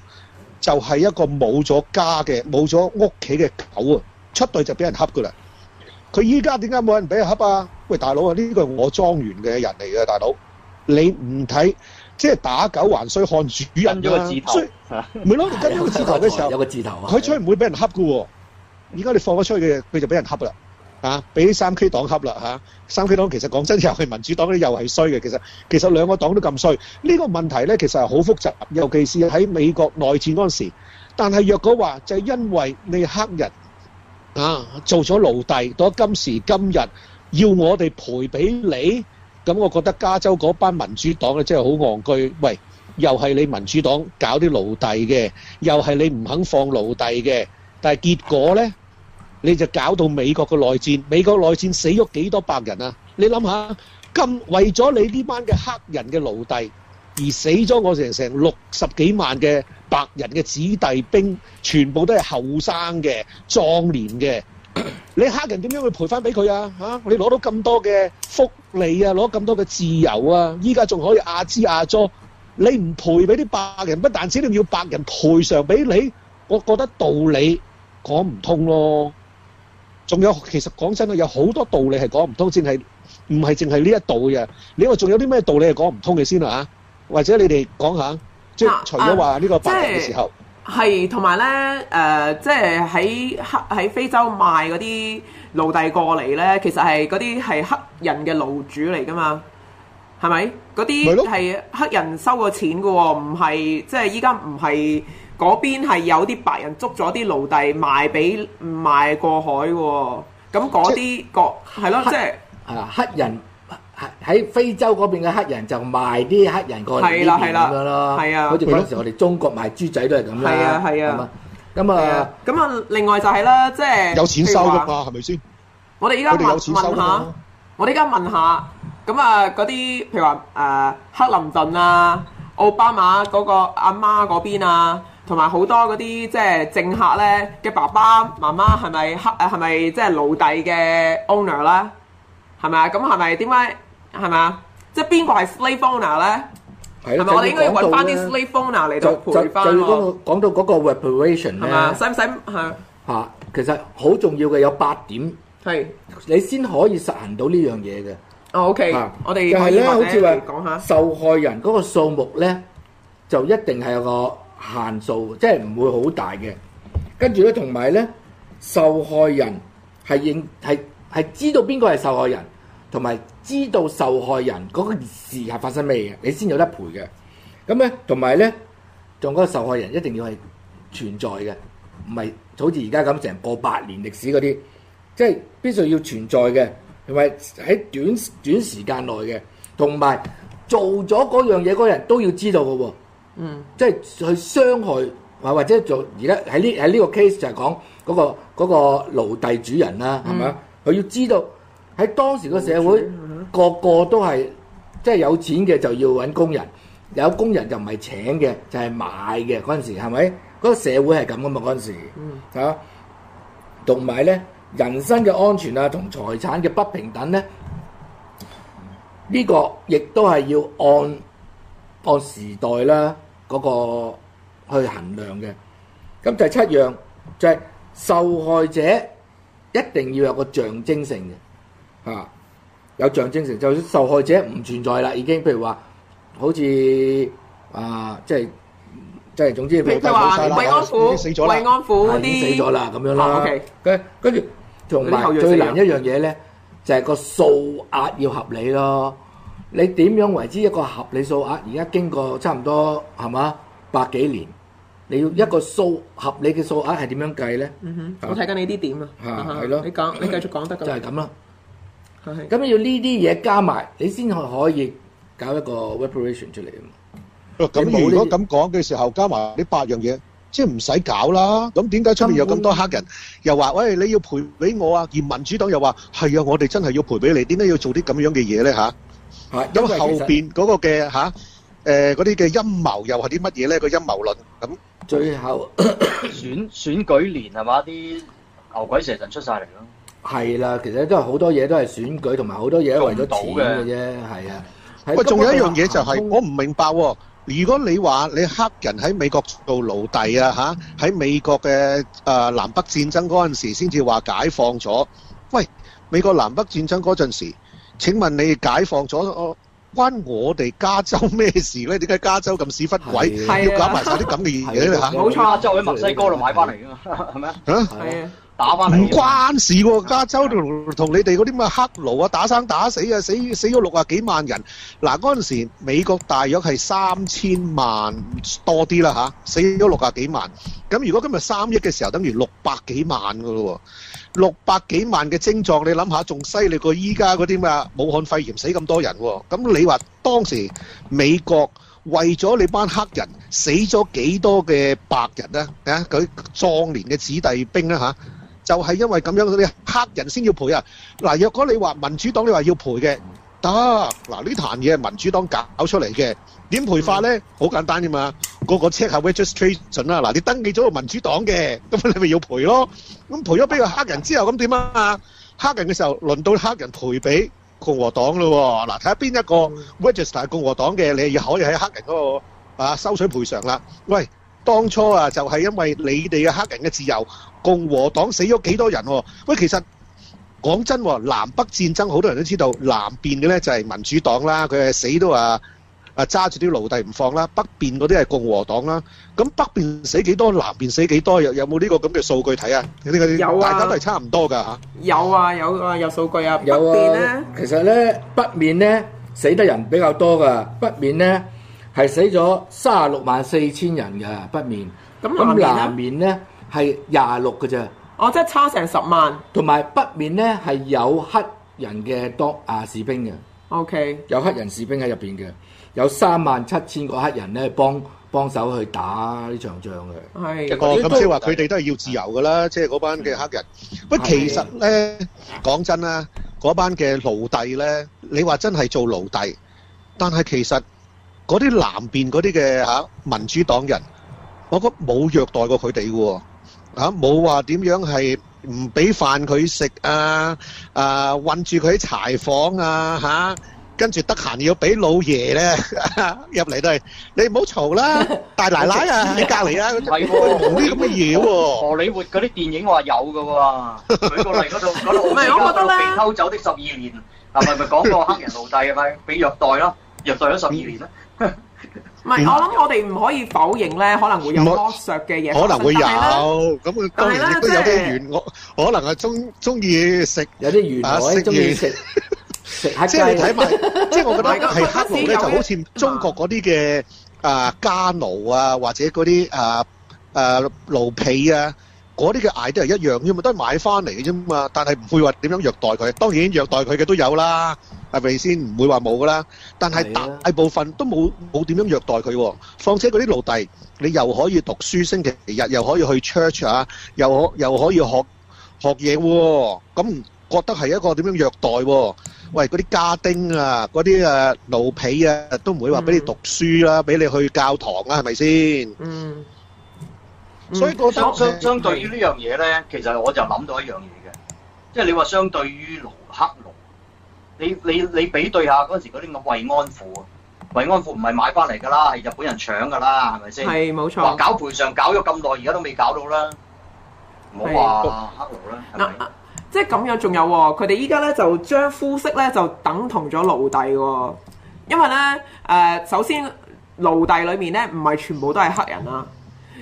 就係、是、一個冇咗家嘅冇咗屋企嘅狗啊！出嚟就俾人恰㗎啦。佢依家點解冇人俾人恰啊？喂，大佬啊，呢個我莊園嘅人嚟嘅，大佬，你唔睇即係打狗還需看主人啦、啊，所以係啊，唔 咯？跟到個字頭嘅時候，有個字頭啊，佢出嚟唔會俾人恰㗎喎。而家你放咗出去嘅，佢就俾人恰啦，啊！俾三 K 黨恰啦吓，三 K 黨其實講真又係民主黨嗰啲又係衰嘅，其實其實兩個黨都咁衰。呢個問題咧其實係好複雜，尤其是喺美國內戰嗰陣時。但係若果話就係因為你黑人啊做咗奴隸，到今時今日要我哋賠俾你，咁我覺得加州嗰班民主黨咧真係好戇居。喂，又係你民主黨搞啲奴隸嘅，又係你唔肯放奴隸嘅。但係結果呢，你就搞到美國嘅內戰。美國內戰死咗幾多白人啊？你諗下，咁為咗你呢班嘅黑人嘅奴隸而死咗，我成成六十幾萬嘅白人嘅子弟兵，全部都係後生嘅壯年嘅。你黑人點樣去賠翻俾佢啊？嚇！你攞到咁多嘅福利啊，攞咁多嘅自由啊，依家仲可以阿支阿左，你唔賠俾啲白人不但止，你要白人賠償俾你，我覺得道理，講唔通咯，仲有其實講真啦，有好多道理係講唔通，先係唔係淨係呢一度嘅。你話仲有啲咩道理係講唔通嘅先啦、啊？或者你哋講下，即係除咗話呢個白人嘅時候，係同埋咧，誒、啊，即係喺、呃、黑喺非洲賣嗰啲奴隸過嚟咧，其實係嗰啲係黑人嘅奴主嚟噶嘛，係咪？嗰啲係黑人收過錢㗎喎，唔係即係依家唔係。嗰邊係有啲白人捉咗啲奴隸賣俾賣過海嘅，咁嗰啲個係咯，即係係啊黑人喺喺非洲嗰邊嘅黑人就賣啲黑人過嚟呢邊咁樣咯，係啊，好似嗰陣時我哋中國賣豬仔都係咁啦，係啊係啊，咁啊咁啊，另外就係啦，即係有錢收㗎嘛，係咪先？我哋依家問下，我哋依家問下，咁啊嗰啲譬如話誒克林頓啊、奧巴馬嗰個阿媽嗰邊啊。同埋好多嗰啲即係政客咧嘅爸爸媽媽係咪黑？係咪即係奴隸嘅 owner 啦，係咪啊？咁係咪點解係咪啊？即係邊個係 slave owner 咧？係咯，我哋應該要搵返啲 slave owner 嚟。就就就要講到講到嗰個 reparation 咧，使唔使嚇嚇？其實好重要嘅有八點係你先可以實行到這件事的。oh, okay. 就是，呢樣嘢嘅。哦，OK，我哋就係咧，好似話講下受害人嗰個數目咧，就一定係有個。限數即係唔會好大嘅，跟住咧同埋咧受害人係認係係知道邊個係受害人，同埋知道受害人嗰個事係發生咩嘢，你先有得賠嘅。咁咧同埋咧，仲嗰個受害人一定要係存在嘅，唔係好似而家咁成過百年歷史嗰啲，即係必須要存在嘅，同埋喺短短時間內嘅，同埋做咗嗰樣嘢嗰人都要知道嘅喎。嗯，即係去傷害或或者做而家喺呢喺呢個 case 就係講嗰個嗰個奴隸主人啦，嗯，係咪啊？佢要知道喺當時個社會，個個都係即係有錢嘅就要揾工人，有工人就唔係請嘅，就係買嘅嗰陣時，係咪？嗰個社會係咁噶嘛，嗰陣時同埋咧，呢人身嘅安全啊，同財產嘅不平等咧，呢個亦都係要按按時代啦。嗰個去衡量嘅，咁就第七樣就係受害者一定要有個象徵性嘅。啊，有象徵性，就算受害者唔存在啦，已經譬如話好似啊即係即係總之譬如話慰安婦、慰安婦已經死咗啦咁樣啦，跟跟住同埋最難一樣嘢咧就係個數額要合理咯。你點樣為之一個合理數額？而家經過差唔多係嘛百幾年，你要一個數合理嘅數額係點樣計咧？嗯、哼，我睇緊你啲點啊！嚇係咯，你講你繼續講得咁就係咁啦。咁要呢啲嘢加埋，你先可可以搞一個 reparation 出嚟啊嘛。咁如果咁講嘅時候，加埋呢八樣嘢，即係唔使搞啦。咁點解出面有咁多黑人又話、嗯，喂，你要賠俾我啊？而民主黨又話，係啊，我哋真係要賠俾你。點解要做啲咁樣嘅嘢咧？嚇？咁後邊嗰個嘅吓，誒嗰啲嘅陰謀又係啲乜嘢咧？個陰謀論咁，最後選選舉年係嘛？啲牛鬼蛇神出晒嚟咯。係啦，其實都係好多嘢都係選舉，同埋好多嘢都為咗錢嘅啫，係啊。喂，仲有一樣嘢就係我唔明白喎。如果你話你黑人喺美國做奴隸啊，吓喺美國嘅誒南北戰爭嗰陣時先至話解放咗。喂，美國南北戰爭嗰陣時。請問你解放咗，關我哋加州咩事咧？點解加州咁屎忽鬼，要搞埋晒啲咁嘅嘢咧？吓，冇錯啊，就喺墨西哥度買翻嚟噶嘛，係咪啊？係啊，啊，打翻嚟。唔、啊、關事喎、啊啊，加州同同你哋嗰啲咩黑奴啊，打生打死啊，死死咗六啊幾萬人。嗱、啊，嗰陣時美國大約係三千萬多啲啦，吓、啊，死咗六啊幾萬。咁如果今日三億嘅時候等於，等於六百幾萬噶咯。六百幾萬嘅症狀，你諗下仲犀利過依家嗰啲咩？武漢肺炎死咁多人喎、啊。咁你話當時美國為咗你班黑人死咗幾多嘅白人呢啊？佢、啊、壯年嘅子弟兵呢、啊、就係、是、因為咁樣嗰啲黑人先要賠啊。嗱、啊，若果你話民主黨你話要賠嘅。得嗱，呢壇嘢係民主黨搞出嚟嘅，點賠法咧？好、嗯、簡單啫嘛，個個 check 下 registration 啦。嗱，你登記咗個民主黨嘅，咁你咪要賠咯。咁賠咗俾個黑人之後，咁點啊？黑人嘅時候，輪到黑人賠俾共和黨咯。嗱、啊，睇下邊一個 register 共和黨嘅，你又可以喺黑人嗰個啊收取賠償啦。喂，當初啊，就係、是、因為你哋嘅黑人嘅自由，共和黨死咗幾多人喎、啊？喂，其實。講真，南北戰爭好多人都知道，南邊嘅咧就係民主黨啦，佢係死都話啊揸住啲奴隸唔放啦。北邊嗰啲係共和黨啦。咁北邊死幾多，南邊死幾多？有有冇呢個咁嘅數據睇啊？有啊，大家都係差唔多噶。有啊，有啊，有數據啊。有邊咧，其實咧北面咧死得人比較多噶，北面咧係死咗三十六萬四千人噶，北面。咁南面咧係廿六㗎啫。哦，即係差成十萬。同埋北面咧係有黑人嘅當啊士兵嘅。O、okay、K。有黑人士兵喺入邊嘅，有三萬七千個黑人咧幫幫手去打呢場仗嘅。係，個咁即係話佢哋都係要自由㗎啦，即係嗰班嘅黑人。嗯、不過其實咧講真啦，嗰班嘅奴隸咧，你話真係做奴隸，但係其實嗰啲南邊嗰啲嘅嚇民主黨人，我覺得冇虐待過佢哋嘅喎。吓冇話點樣係唔俾飯佢食啊！誒、啊啊，困住佢喺柴房啊！吓、啊，跟住得閒要俾老爺咧入嚟都係，你唔好嘈啦，大奶奶啊， 你隔籬啦，冇啲咁嘅嘢喎。荷里活嗰啲電影話有噶喎、啊，舉 個例嗰度嗰度而家被偷走的十二年，嗱係咪講過黑人奴隸係咪俾虐待啦，虐待咗十二年啦。唔係，我諗我哋唔可以否認咧，可能會有剝削嘅嘢，可能會有。咁佢當然亦都有啲原我，可能係中中意食，有啲原我中意食。即係你睇埋，即係我覺得係黑奴咧，就好似中國嗰啲嘅啊家奴啊，或者嗰啲啊啊奴婢啊，嗰啲嘅 idea 都係一樣啫嘛，都係買翻嚟嘅啫嘛，但係唔會話點樣虐待佢。當然虐待佢嘅都有啦。係咪先？唔會話冇噶啦，但係大部分都冇冇點樣虐待佢喎。況且嗰啲奴隸，你又可以讀書，星期日又可以去 church 啊，又可又可以學學嘢喎。咁覺得係一個點樣虐待喎？喂，嗰啲家丁啊，嗰啲誒奴婢啊，都唔會話俾你讀書啦，俾你去教堂啦，係咪先？嗯。所以覺得相相對於呢樣嘢咧，其實我就諗到一樣嘢嘅，即係你話相對於奴黑奴。你你你比對下嗰陣時嗰啲咁嘅慰安婦，慰安婦唔係買翻嚟㗎啦，係日本人搶㗎啦，係咪先？係冇錯。搞賠償搞咗咁耐，而家都未搞到啦。唔好話黑奴啦。嗱嗱，即係咁樣，仲有佢哋依家咧就將膚色咧就等同咗奴隸喎。因為咧誒、呃，首先奴隸裡面咧唔係全部都係黑人啦。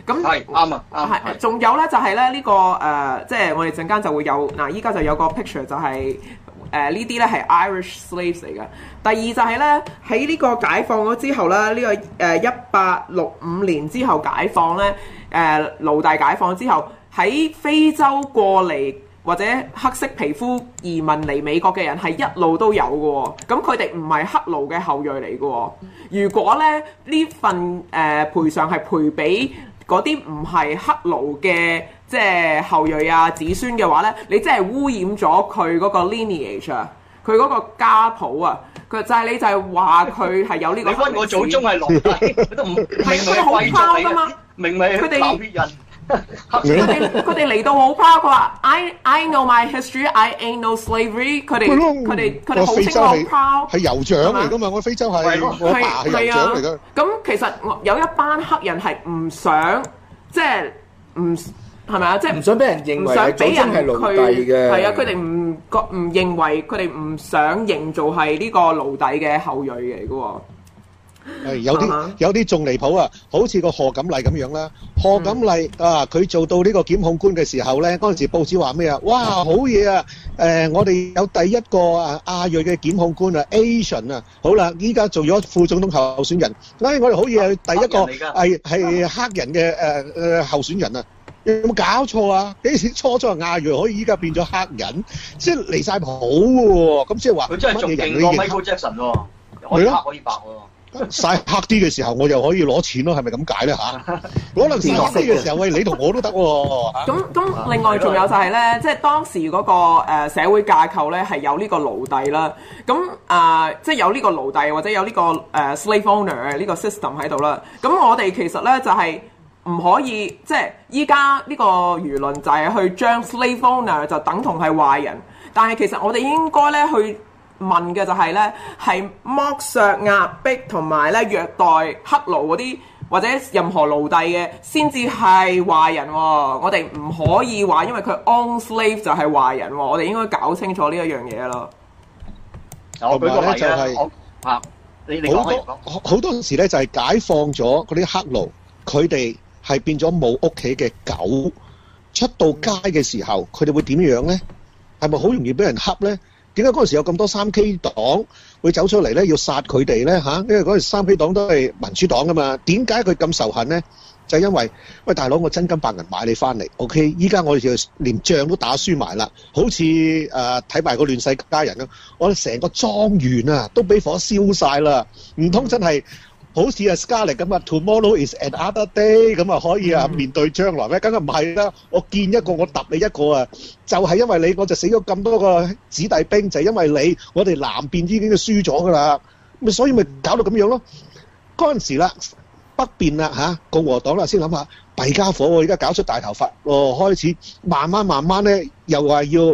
咁係啱啊，係。仲有咧就係咧呢個誒，即、呃、係、就是、我哋陣間就會有嗱，依家就有個 picture 就係、是。誒、呃、呢啲咧係 Irish slaves 嚟嘅。第二就係咧喺呢個解放咗之後咧，呢、呢個誒一八六五年之後解放咧，誒奴隸解放之後，喺非洲過嚟或者黑色皮膚移民嚟美國嘅人係一路都有嘅、哦。咁佢哋唔係黑奴嘅後裔嚟嘅、哦。如果咧呢份誒、呃、賠償係賠俾嗰啲唔係黑奴嘅。即係後裔啊子孫嘅話咧，你真係污染咗佢嗰個 lineage 啊，佢嗰個家譜啊，佢就係、是、你就係話佢係有呢個。你分我祖宗係奴隸，佢都唔 明。係佢好 proud 㗎嘛？明明。佢哋黑人，佢哋佢哋嚟到我，好 proud，佢話，I I know my history，I ain't no slavery。佢哋佢哋佢哋好清楚 proud，係酋長嚟㗎嘛？我非洲係我打啊。咁其實有一班黑人係唔想即係唔。就是係咪啊？即係唔想俾人認為祖先係奴隸嘅，係啊！佢哋唔覺，唔認為佢哋，唔想認做係呢個奴隸嘅後裔嚟嘅喎。誒，有啲有啲仲離譜啊！好似個賀錦麗咁樣啦，賀錦麗啊，佢做到呢個檢控官嘅時候咧，嗰陣時報紙話咩啊？哇，好嘢啊！誒，我哋有第一個啊亞裔嘅檢控官啊，Asian 啊，好啦，依家做咗副總統候選人，咧我哋好嘢係第一個係係黑人嘅誒誒候選人啊！有冇搞錯啊？幾時初初亞裔可以依家變咗黑人，即係離晒譜喎？咁即係話佢真係仲勁過 Michael Jackson 喎、啊啊？可以白可以白喎、啊！曬黑啲嘅時候，我又可以攞錢咯、啊，係咪咁解咧嚇？ 可能曬黑嘅時候，喂、 啊，你同我都得喎。咁咁，另外仲有就係咧，即、就、係、是、當時嗰個誒社會架構咧，係有呢個奴隸啦。咁即係有呢個奴隸或者有呢個 slave owner 呢個 system 喺度啦。咁我哋其實咧就係、是。唔可以即係依家呢個輿論就係去將 slave owner 就等同係壞人，但係其實我哋應該咧去問嘅就係咧係剝削壓迫同埋咧虐待黑奴嗰啲或者任何奴隸嘅先至係壞人喎、哦，我哋唔可以話因為佢 own slave 就係壞人喎，我哋應該搞清楚這件事呢一樣嘢咯。我覺得就係啊，你你講好多好多時咧就係解放咗嗰啲黑奴，佢哋。係變咗冇屋企嘅狗出到街嘅時候，佢哋會點樣咧？係咪好容易俾人恰咧？點解嗰陣時有咁多三 K 黨會走出嚟咧？要殺佢哋咧？嚇！因為嗰陣三 K 黨都係民主黨噶嘛，點解佢咁仇恨咧？就係因為喂大佬，我真金白銀買你翻嚟，OK？依家我哋連仗都打輸埋啦，好似誒睇埋個亂世佳人咯，我哋成個莊園啊都俾火燒曬啦，唔通真係？好似阿 Scarlett 咁啊，tomorrow is another day 咁啊，可以啊面對將來咩？梗係唔係啦？我見一個我揼你一個啊！就係因為你，我就死咗咁多個子弟兵，就係因為你，我哋南邊已經輸咗㗎啦。咪所以咪搞到咁樣咯？嗰陣時啦，北邊啦嚇共和黨啦，先諗下弊傢伙喎，而家搞出大頭髮哦，開始慢慢慢慢咧又話要。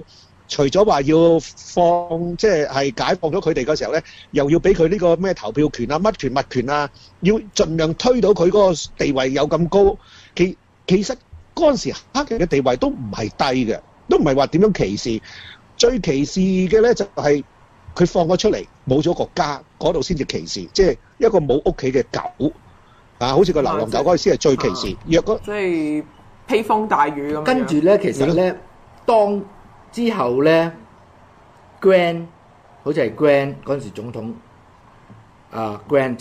除咗話要放，即係係解放咗佢哋嗰時候咧，又要畀佢呢個咩投票權啊、乜權物權啊，要盡量推到佢嗰個地位有咁高。其其實嗰陣時黑人嘅地位都唔係低嘅，都唔係話點樣歧視。最歧視嘅咧就係、是、佢放咗出嚟，冇咗個家嗰度先至歧視，即係一個冇屋企嘅狗啊，好似個流浪狗嗰啲先係最歧視。啊、若果即係、啊、披風大雨咁樣，跟住咧，其實咧，當之後咧，Grant 好似係 Grant 嗰陣時總統，啊 Grant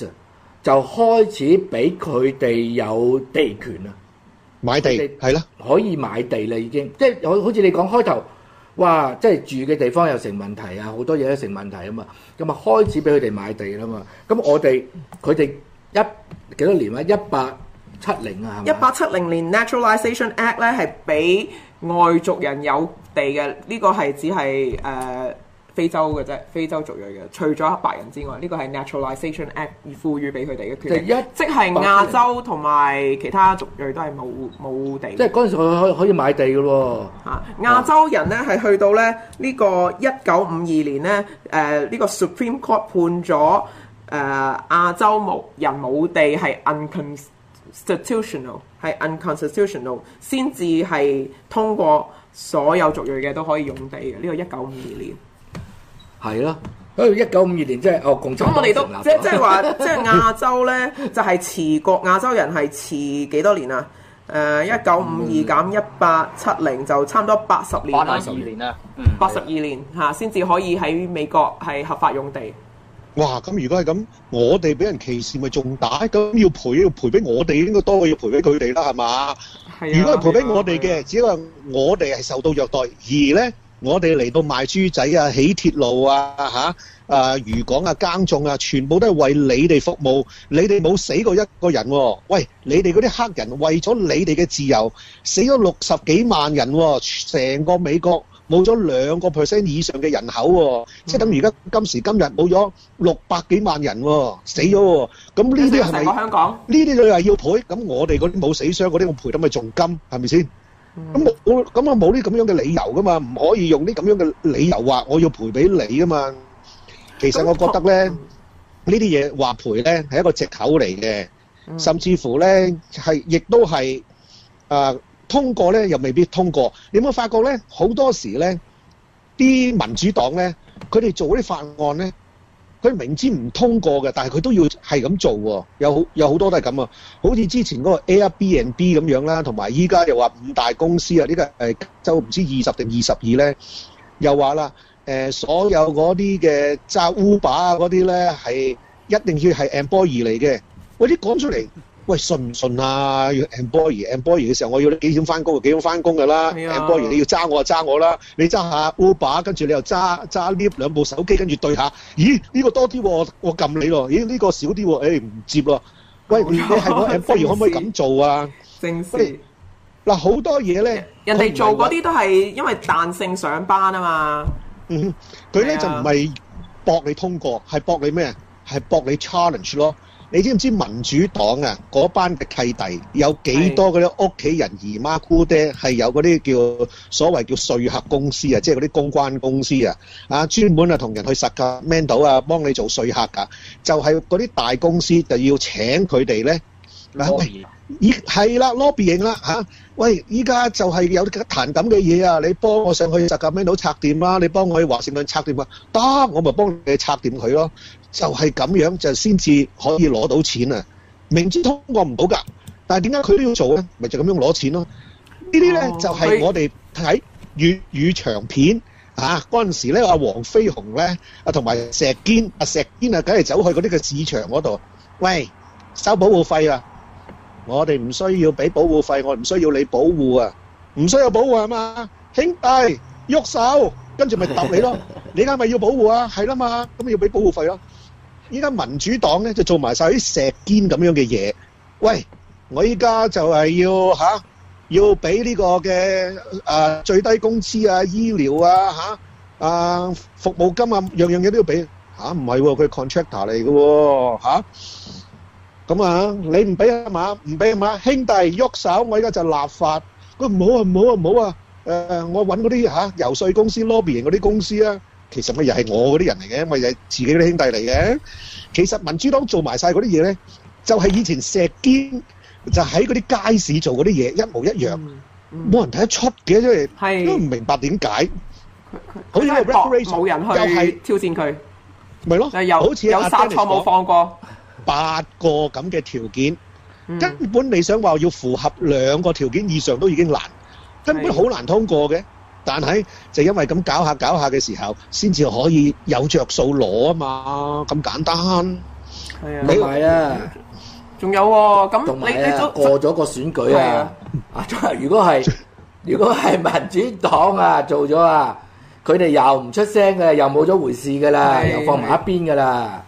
就開始俾佢哋有地權啦，買地係啦，可以買地啦已經，即係好好似你講開頭，哇！即係住嘅地方又成問題啊，好多嘢都成問題啊嘛，咁啊開始俾佢哋買地啦嘛，咁我哋佢哋一幾多年啊？一八七零啊，係嘛？一八七零年 Naturalization Act 咧係俾。外族人有地嘅呢、這個係只係誒、呃、非洲嘅啫，非洲族裔嘅，除咗白人之外，呢、這個係 naturalization act 賦予俾佢哋嘅權利。第一，即係亞洲同埋其他族裔都係冇冇地嘅。即係嗰陣時佢可以可以買地嘅喎、啊這個呃這個呃。亞洲人咧係去到咧呢個一九五二年咧誒呢個 supreme court 判咗誒亞洲冇人冇地係 uncon。是 constitutional 係 unconstitutional 先至係通過所有族裔嘅都可以用地嘅呢、這個一九五二年係咯，誒一九五二年即係哦共產黨黨。咁我哋都即即係話即係亞洲咧，就係、是、持國亞洲人係持幾多年啊？誒一九五二減一八七零就差唔多八十年啦，八十二年啦，八十二年嚇先至可以喺美國係合法用地。哇！咁如果係咁，我哋俾人歧視咪仲大？咁要賠要賠俾我哋應該多過要賠，要賠俾佢哋啦，係嘛、啊？如果係賠俾我哋嘅、啊啊，只不過我哋係受到虐待。而呢，我哋嚟到賣豬仔啊、起鐵路啊、嚇、啊、漁港啊、耕種啊，全部都係為你哋服務。你哋冇死過一個人喎、哦。喂，你哋嗰啲黑人為咗你哋嘅自由死咗六十幾萬人、哦，成個美國。冇咗兩個 percent 以上嘅人口喎，即係等於而家今時今日冇咗六百幾萬人喎，死咗喎。咁呢啲係咪香港？呢啲佢係要賠，咁我哋嗰啲冇死傷嗰啲，我賠得咪重金係咪先？咁我我咁我冇啲咁樣嘅理由㗎嘛，唔可以用啲咁樣嘅理由話我要賠俾你㗎嘛。其實我覺得咧，呢啲嘢話賠咧係一個藉口嚟嘅，甚至乎咧係亦都係啊。通過咧又未必通過，你有冇發覺咧？好多時咧，啲民主黨咧，佢哋做啲法案咧，佢明知唔通過嘅，但係佢都要係咁做喎。有好有好多都係咁啊！好似之前嗰個 Airbnb 咁樣啦，同埋依家又話五大公司啊，呢個係就唔知二十定二十二咧，又話啦，誒所有嗰啲嘅揸 Uber 啊嗰啲咧係一定要係 Employee 嚟嘅，喂！你講出嚟。喂，信唔信啊？employee，employee 要嘅時候，我要幾點翻工啊？幾點翻工㗎啦？employee，你要揸我就揸我啦。你揸下 Uber，跟住你又揸揸 Lyft 兩部手機，跟住對下。咦？呢、呢個多啲，我我撳你咯。咦？呢、呢個少啲，誒、欸、唔接咯。喂，你係個 employee 可唔可以咁做啊？正是嗱，好多嘢咧，人哋做嗰啲都係因為彈性上班啊嘛。佢、嗯、咧、啊、就唔係駁你通過，係駁你咩？係駁你 challenge 咯。你知唔知民主黨啊？嗰班嘅契弟有幾多，嗰啲屋企人姨媽姑爹係有嗰啲叫所謂叫說客公司啊？即係嗰啲公關公司啊？啊，專門啊同人去 Sacramento 啊，幫你做說客㗎、啊。就係嗰啲大公司就要請佢哋咧。喂咦係啦，lobby 型啦嚇。喂，依家、啊、就係有啲彈咁嘅嘢啊！你幫我上去 Sacramento 拆掂啦、啊，你幫我去華盛頓拆掂啊？得，我咪幫你拆掂佢咯。就係咁樣就先至可以攞到錢啊！明知通過唔到㗎，但係點解佢都要做咧？咪就咁樣攞錢咯！呢啲咧就係我哋睇粵語長片啊嗰陣時咧，阿黃飛鴻咧啊同埋石堅啊石堅啊，梗係走去嗰啲嘅市場嗰度，喂，收保護費啊！我哋唔需要俾保護費，我唔需要你保護啊，唔需要保護啊嘛，兄弟喐手，跟住咪揼你咯！你而家咪要保護啊，係啦嘛，咁要俾保護費咯。依家民主黨咧就做埋曬啲石堅咁樣嘅嘢。喂，我依家就係要嚇，要俾呢個嘅誒最低工資啊、醫療啊嚇、啊服務金啊，樣樣嘢都要俾嚇。唔係喎，佢係 contractor 嚟嘅喎嚇。咁啊，你唔俾啊嘛，唔俾啊嘛，兄弟喐手，我依家就立法。佢唔好啊唔好啊唔好啊！誒，我揾嗰啲嚇遊說公司 lobby 嗰啲公司啊。其實咪又係我嗰啲人嚟嘅，咪就係自己啲兄弟嚟嘅。其實民主黨做埋曬嗰啲嘢咧，就係以前石堅就喺嗰啲街市做嗰啲嘢一模一樣，冇人睇得出嘅，都唔明白點解。好似 reparation 冇人去挑戰佢，咪咯？好似有三錯冇放過八個咁嘅條件，根本你想話要符合兩個條件以上都已經難，根本好難通過嘅。但係就因為咁搞下搞下嘅時候，先至可以有著數攞啊嘛，咁簡單。係啊，你唔係啊？仲有喎，咁你你過咗個選舉啊？啊，如果係如果係民主黨啊，做咗啊，佢哋又唔出聲嘅，又冇咗回事噶啦，又放埋一邊噶啦。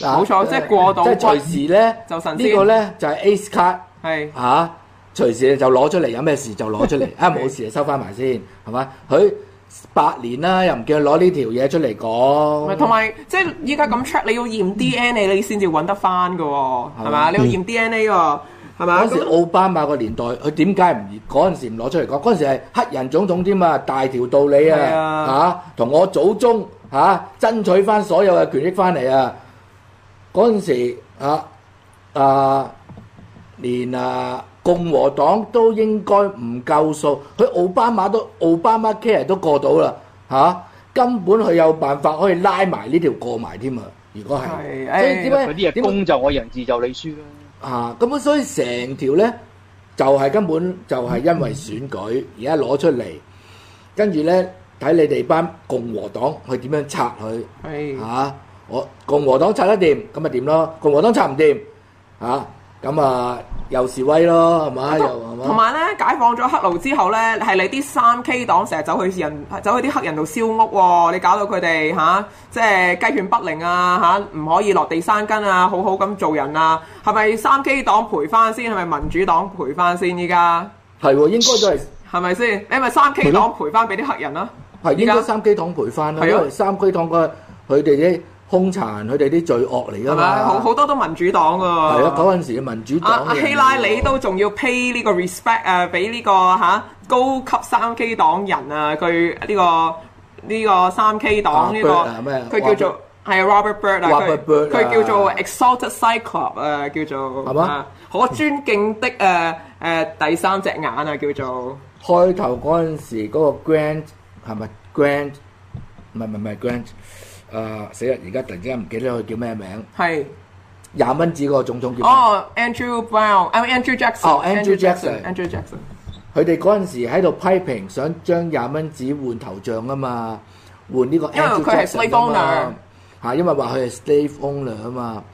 冇錯，即係過到即係隨時咧，就神仙呢個咧就 Ace card 係啊。隨時就攞出嚟，有咩事就攞出嚟。啊、 哎，冇事就收翻埋先，係嘛？佢八年啦，又唔叫佢攞呢條嘢出嚟講。同埋即係依家咁 check，你要驗 DNA 你先至搵得翻㗎喎，係嘛？你要驗 DNA 喎、哦，係 嘛？嗰時奧巴馬個年代，佢點解唔嗰陣時唔攞出嚟講？嗰時係黑人總統添啊，大條道理啊，同、啊、我祖宗嚇、啊、爭取翻所有嘅權益翻嚟啊！嗰陣時啊啊連啊！啊連啊共和黨都應該唔夠數，佢奧巴馬都奧巴馬 care 都過到啦嚇，根本佢有辦法可以拉埋呢條過埋添啊！如果係，所以點解公就我贏，字就你輸啦嚇。咁樣所以成條咧就係根本就係因為選舉而家攞出嚟，跟住咧睇你哋班共和黨去點樣拆佢嚇。我共和黨拆得掂，咁咪點？咯？共和黨拆唔掂嚇，咁啊～又示威咯，係咪啊？又，同埋咧，解放咗黑奴之後咧，係你啲三 K 黨成日走去人，走去啲黑人度燒屋喎、哦，你搞到佢哋嚇，即係雞犬不寧啊嚇，唔、啊、可以落地生根啊，好好咁做人啊，係咪三 K 黨賠翻先？係咪民主黨賠翻先而家？係喎，應該就係、是，係咪先？你係咪三 K 黨賠翻俾啲黑人啊？係應該三 K 黨賠翻啦，因為，三 K 黨個佢哋啲。兇殘佢哋啲罪惡嚟㗎嘛，好好多都民主黨喎。係啊，嗰陣時嘅民主黨。希拉里都仲要 pay 呢、啊呢個 respect 誒，俾呢個嚇高級三 K 黨人啊！佢呢個呢個三 K 黨呢個，佢、呢個啊啊呢個啊、叫做係啊 Robert Byrd 啊，佢叫做 Exalted Cyclops 啊，叫做啊好尊敬的誒誒、啊啊、第三隻眼啊，叫做、嗯、開頭嗰陣時嗰個 Grant 係咪 Grant？唔係唔係唔係 Grant。誒、呃、死啦！而家突然之間唔記得佢叫咩名字。係廿蚊紙個總統叫哦、oh, Andrew Brown，Andrew Jackson、oh,。哦 Andrew Jackson，Andrew Jackson。佢哋嗰陣時喺度批評，想將廿蚊紙換頭像啊嘛，換呢個。因為佢係 slave owner 嚇，因為話佢係 slave owner 啊嘛。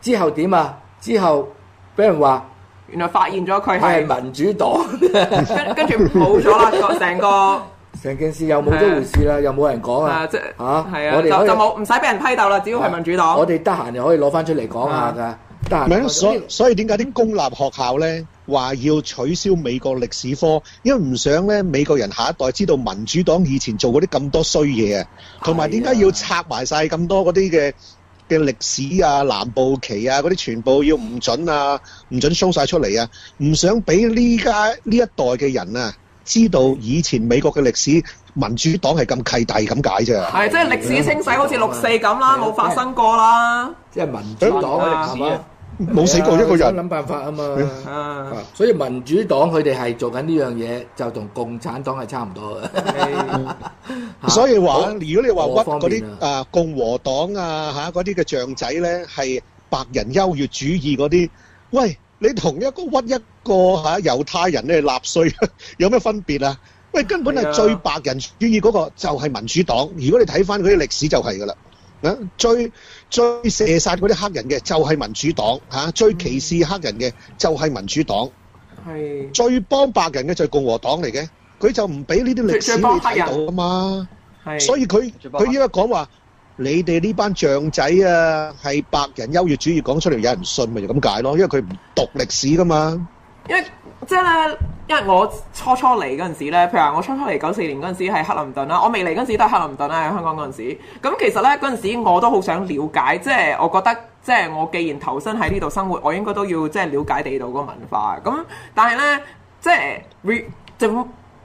之後點啊？之後俾人話原來發現咗佢係民主黨， 跟住冇咗啦，成個。成件事又冇咗，回事啦、啊，又冇人講啊，吓，係啊，哋、啊、就冇唔使俾人批鬥啦，只要係民主黨、啊，我哋得閒就可以攞翻出嚟講下噶，得、啊、所以所以點解啲公立學校咧，話要取消美國歷史科，因為唔想咧，美國人下一代知道民主黨以前做嗰啲咁多衰嘢啊，同埋點解要拆埋晒咁多嗰啲嘅嘅歷史啊，南部旗啊，嗰啲全部要唔准啊，唔准 show 晒出嚟啊，唔想俾呢家呢一代嘅人啊。知道以前美國嘅歷史，民主黨係咁契弟咁解啫。係即係歷史清洗，好似六四咁啦，冇、啊、發生過啦。即係、就是、民主黨嘅歷史，冇、啊啊、死過一個人。我想諗辦法啊嘛、啊、所以民主黨佢哋係做緊呢樣嘢，就同共產黨係差唔多。 所以話，如果你話屈嗰啲啊，啊共和黨啊嚇嗰啲嘅象仔咧，係白人優越主義嗰啲，喂，你同一個屈一個。個嚇猶太人咧，納粹有咩分別啊？喂，根本係最白人主義嗰個就係民主黨。如果你睇翻嗰啲歷史就係噶啦，啊最最射殺嗰啲黑人嘅就係民主黨嚇，最歧視黑人嘅就係民主黨，係最幫白人嘅就係共和黨嚟嘅。佢就唔俾呢啲歷史你睇到啊嘛，係所以佢佢依家講話你哋呢班象仔啊係白人優越主義講出嚟，有人信咪就咁解咯。因為佢唔讀歷史噶嘛。因為即係咧，因為我初初嚟嗰陣時咧，譬如話我初初嚟九四年嗰陣時係克林頓啦，我未嚟嗰陣時都係克林頓啦，喺香港嗰陣時。咁其實咧嗰陣時我都好想了解，即係我覺得即係我既然投身喺呢度生活，我應該都要即係了解地道嗰個文化。咁但係咧，即係，唔，做。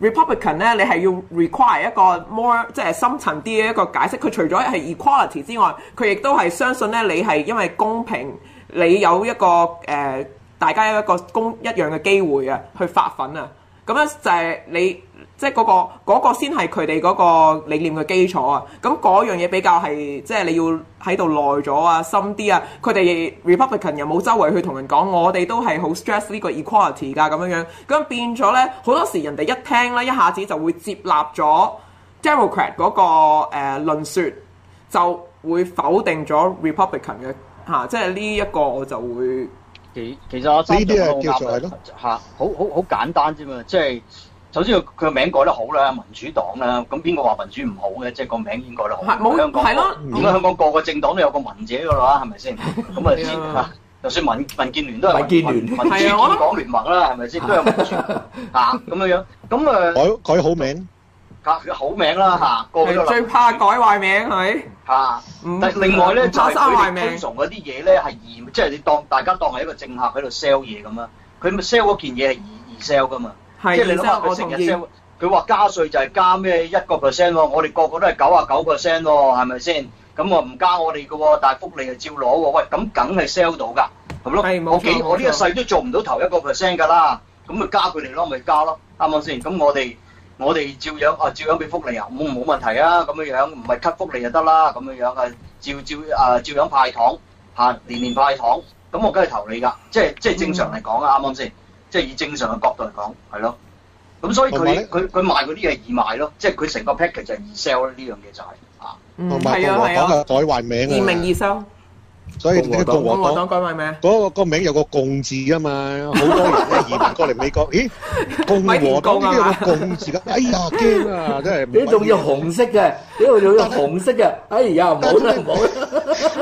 Republican 咧，你係要 require 一個 more 即係深層啲嘅一個解釋。佢除咗係 equality 之外，佢亦都係相信咧，你係因為公平，你有一個、呃、大家有一個公一,一樣嘅機會啊，去發奮啊。咁樣就係你。即係嗰、嗰個嗰、嗰個先係佢哋嗰個理念嘅基礎啊！咁嗰樣嘢比較係即係你要喺度耐咗啊、深啲啊。佢哋 Republican 又冇周圍去同人講，我哋都係好 stress 呢個 equality 㗎咁樣樣。咁變咗咧，好多時人哋一聽咧，一,一下子就會接納咗 Democrat 嗰、嗰個誒、呃、論説，就會否定咗 Republican 嘅嚇、啊。即係呢一個我就會幾其實我呢啲係叫做係咯嚇，好好好簡單啫嘛，即係。首先佢個名改得好啦，民主黨啦，咁邊個話民主唔好嘅？即係個名已經改得好。香港係咯，而家香港個個政黨都有個民字嘅啦，係咪先？咁啊，就算民民建聯都係民建聯、民主建港聯盟啦，係咪先？都有民主嚇咁樣樣。咁誒改改好名，改好名啦嚇。個最怕改壞名係嚇。但係另外咧，就佢推崇嗰啲嘢咧係易，即係你當大家當係一個政客喺度 sell 嘢咁樣。佢咪 sell 嗰件嘢係易易 sell 噶嘛？是是即係你諗下佢成日 sell，佢話加稅就係加咩一個 percent 喎，我哋個個都係九啊九 percent 喎，係咪先？咁我唔加我哋嘅喎，但係福利係照攞喎，喂，咁梗係 sell 到㗎，係咪咯？我幾我呢一世都做唔到頭一個 percent 㗎啦，咁咪加佢哋咯，咪加咯，啱啱先？咁我哋我哋照樣啊，照樣俾福利啊，冇冇問題啊，咁樣樣唔係 cut 福利就得啦，咁樣樣啊，照照啊照樣派糖嚇，年、啊、年派糖，咁我梗係投你㗎，即係即係正常嚟講啊，啱啱先？嗯即係以正常嘅角度嚟講，係咯。咁所以佢佢佢賣嗰啲係易賣咯，即係佢成個 package 就係易 sell 咯。呢樣嘢就係啊，同埋共和黨改壞名啊，二名二收。所以同埋共和黨改壞名嗰個個名有個共字啊嘛，好多人咧移民過嚟美國，咦，共和黨啊，共字嘅，哎呀驚啊，真係。你仲要紅色嘅，你仲要紅色嘅，哎呀，唔好啦唔好啦。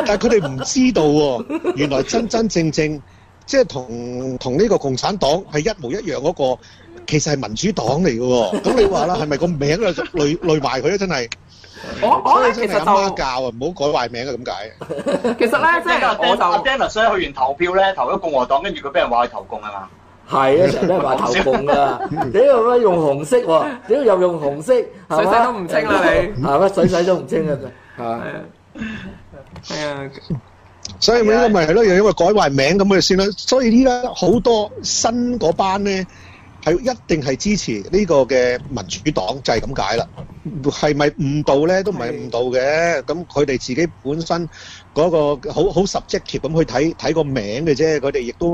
但係佢哋唔知道喎，原來真真正正。即係同同呢個共產黨係一模一樣嗰個，其實係民主黨嚟嘅喎。咁你話啦，係咪個名啊累累埋佢咧？真係。我我哋其實就阿媽教啊，唔好改壞名啊，咁解。其實咧，即係我就 Dennis 去完投票咧，投咗共和黨，跟住佢俾人話去投共啊嘛。係啊，成日都係話投共啊！你乜用紅色喎？屌又用紅色，係嘛？水洗都唔清啦你。係乜水洗都唔清啊真係。係啊。所以咪呢個咪咯，又因為改壞名咁佢先啦。所以依家好多新嗰班咧，係一定係支持呢個嘅民主黨制咁解啦。係咪誤導咧？都唔係誤導嘅。咁佢哋自己本身嗰個好好 selective 咁去睇睇個名嘅啫。佢哋亦都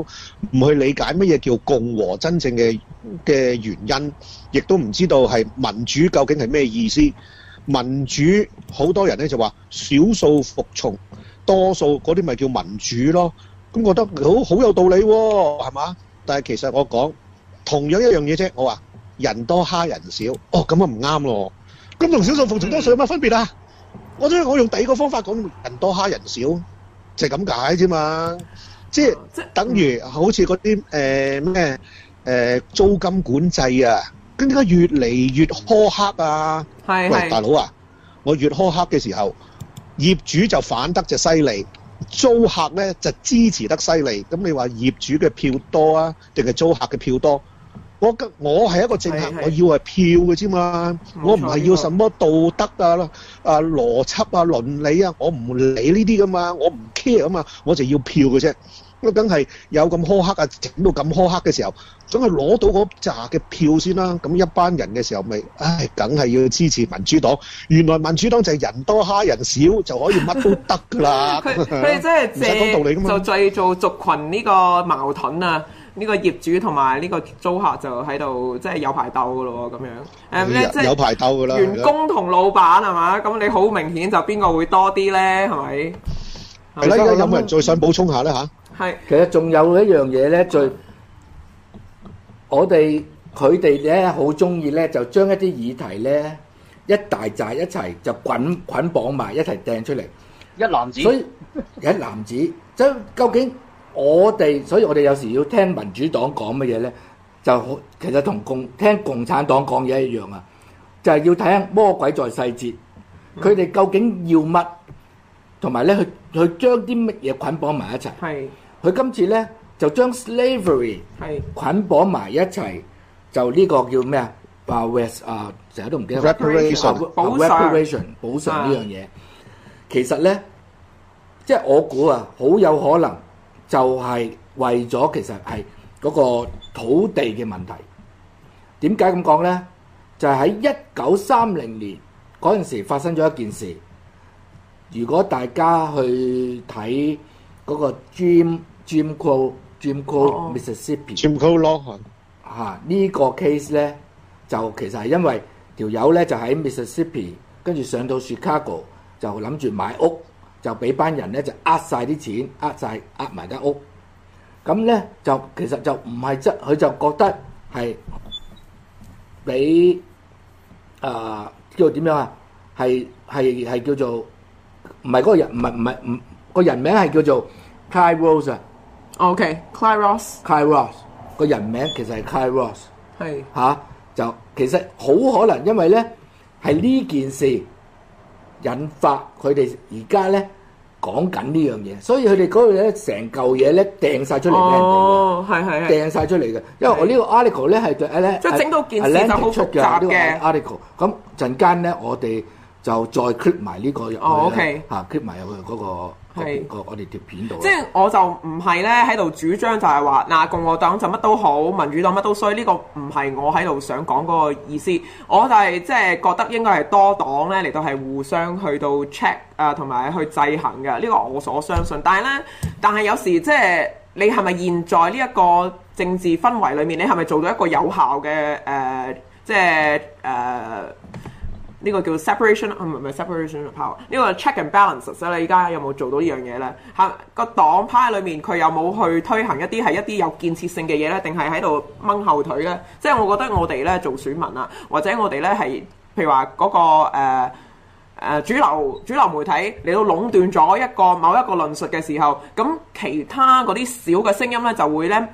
唔去理解乜嘢叫共和真正嘅嘅原因，亦都唔知道係民主究竟係咩意思。民主好多人咧就話少數服從多數嗰啲咪叫民主咯，咁覺得好好有道理喎，係嘛？但係其實我講同樣一樣嘢啫，我話人多蝦人少，哦咁啊唔啱咯，咁同少數服從多數有乜分別啊？嗯、我即係我用第二個方法講，人多蝦人少就係咁解啫嘛，即係、哦、等於、嗯、好似嗰啲誒咩誒租金管制啊，咁點解越嚟越苛刻啊？係係，喂大佬啊，我越苛刻嘅時候。業主就反得就犀利，租客咧就支持得犀利。咁你話業主嘅票多啊，定係租客嘅票多？我我係一個政客，是是我要係票嘅啫嘛。我唔係要什麼道德啊、啊邏輯啊、倫理啊，我唔理呢啲噶嘛，我唔 care 啊嘛，我就要票嘅啫。咁梗係有咁苛刻啊！整到咁苛刻嘅時候，想去攞到嗰扎嘅票先啦。咁一班人嘅時候，咪唉，梗係要支持民主黨。原來民主黨就係人多蝦人少就可以乜都得噶啦。佢佢即係講道理噉就製造族群呢個矛盾啊！呢個業主同埋呢個租客就喺度即係有排鬥噶咯，咁樣誒咩？即係有排鬥噶啦！員工同老闆係嘛？咁你好明顯就邊個會多啲咧？係咪？係啦，而家有冇人再想補充下咧嚇？係，其實仲有一樣嘢咧，就我哋佢哋咧好中意咧，就將一啲議題咧一大紮一齊就捆捆綁埋一齊掟出嚟。一籃子，所以一籃子，即係究竟我哋，所以我哋有時要聽民主黨講乜嘢咧，就好其實同共聽共產黨講嘢一樣啊，就係要睇下魔鬼在細節，佢哋究竟要乜，同埋咧佢佢將啲乜嘢捆綁埋一齊。係。佢今次咧就將 slavery 捆綁埋一齊，就呢個叫咩啊？啊，with 啊，成日都唔記得 reparation 補曬啊，reparation 補償呢樣嘢。其實咧，即係我估啊，好有可能就係為咗其實係嗰個土地嘅問題。點解咁講咧？就係喺一九三零年嗰陣時發生咗一件事。如果大家去睇嗰個 Jim。Jim Crow, Jim Crow, Mississippi, Jim Crowlaw 吓呢個 case 咧，就其實係因為條友咧就喺 Mississippi，跟住上到 Chicago 就諗住買屋，就俾班人咧就呃曬啲錢，呃曬，呃埋間屋。咁咧就其實就唔係真，佢就覺得係俾啊叫做點樣啊？係係係叫做唔係嗰個人，唔係唔係唔個人名係叫做 Ty Rose 啊。O.K. Kairos，Kairos 個人名其實係 Kairos，係吓，就其實好可能，因為咧係呢件事引發佢哋而家咧講緊呢樣嘢，所以佢哋嗰度咧成嚿嘢咧掟曬出嚟嘅，係係係掟曬出嚟嘅，因為我呢個 article 咧係對，係咧即係整到件事咧好突出嘅 article。咁陣間咧我哋就再 clip 埋呢個吓，clip 埋入去嗰個。係，就是、我我哋條片度。即係我就唔係咧喺度主張就係話嗱，共和黨就乜都好，民主黨乜都衰，呢、這個唔係我喺度想講嗰個意思。我就係即係覺得應該係多黨咧嚟到係互相去到 check 啊、呃，同埋去制衡嘅。呢、這個我所相信。但係咧，但係有時即係、就是、你係咪現在呢一個政治氛圍裏面，你係咪做到一個有效嘅誒？即係誒。就是呢、這個叫 separation，唔係、啊、唔係 separation of power。呢個 check and balance，你而家有冇做到這樣東西呢樣嘢咧？下、這個黨派裏面佢有冇去推行一啲係一啲有建設性嘅嘢咧？定係喺度掹後腿咧？即係我覺得我哋咧做選民啊，或者我哋咧係譬如話嗰、那個、呃、主流主流媒體嚟到壟斷咗一個某一個論述嘅時候，咁其他嗰啲小嘅聲音咧就會咧。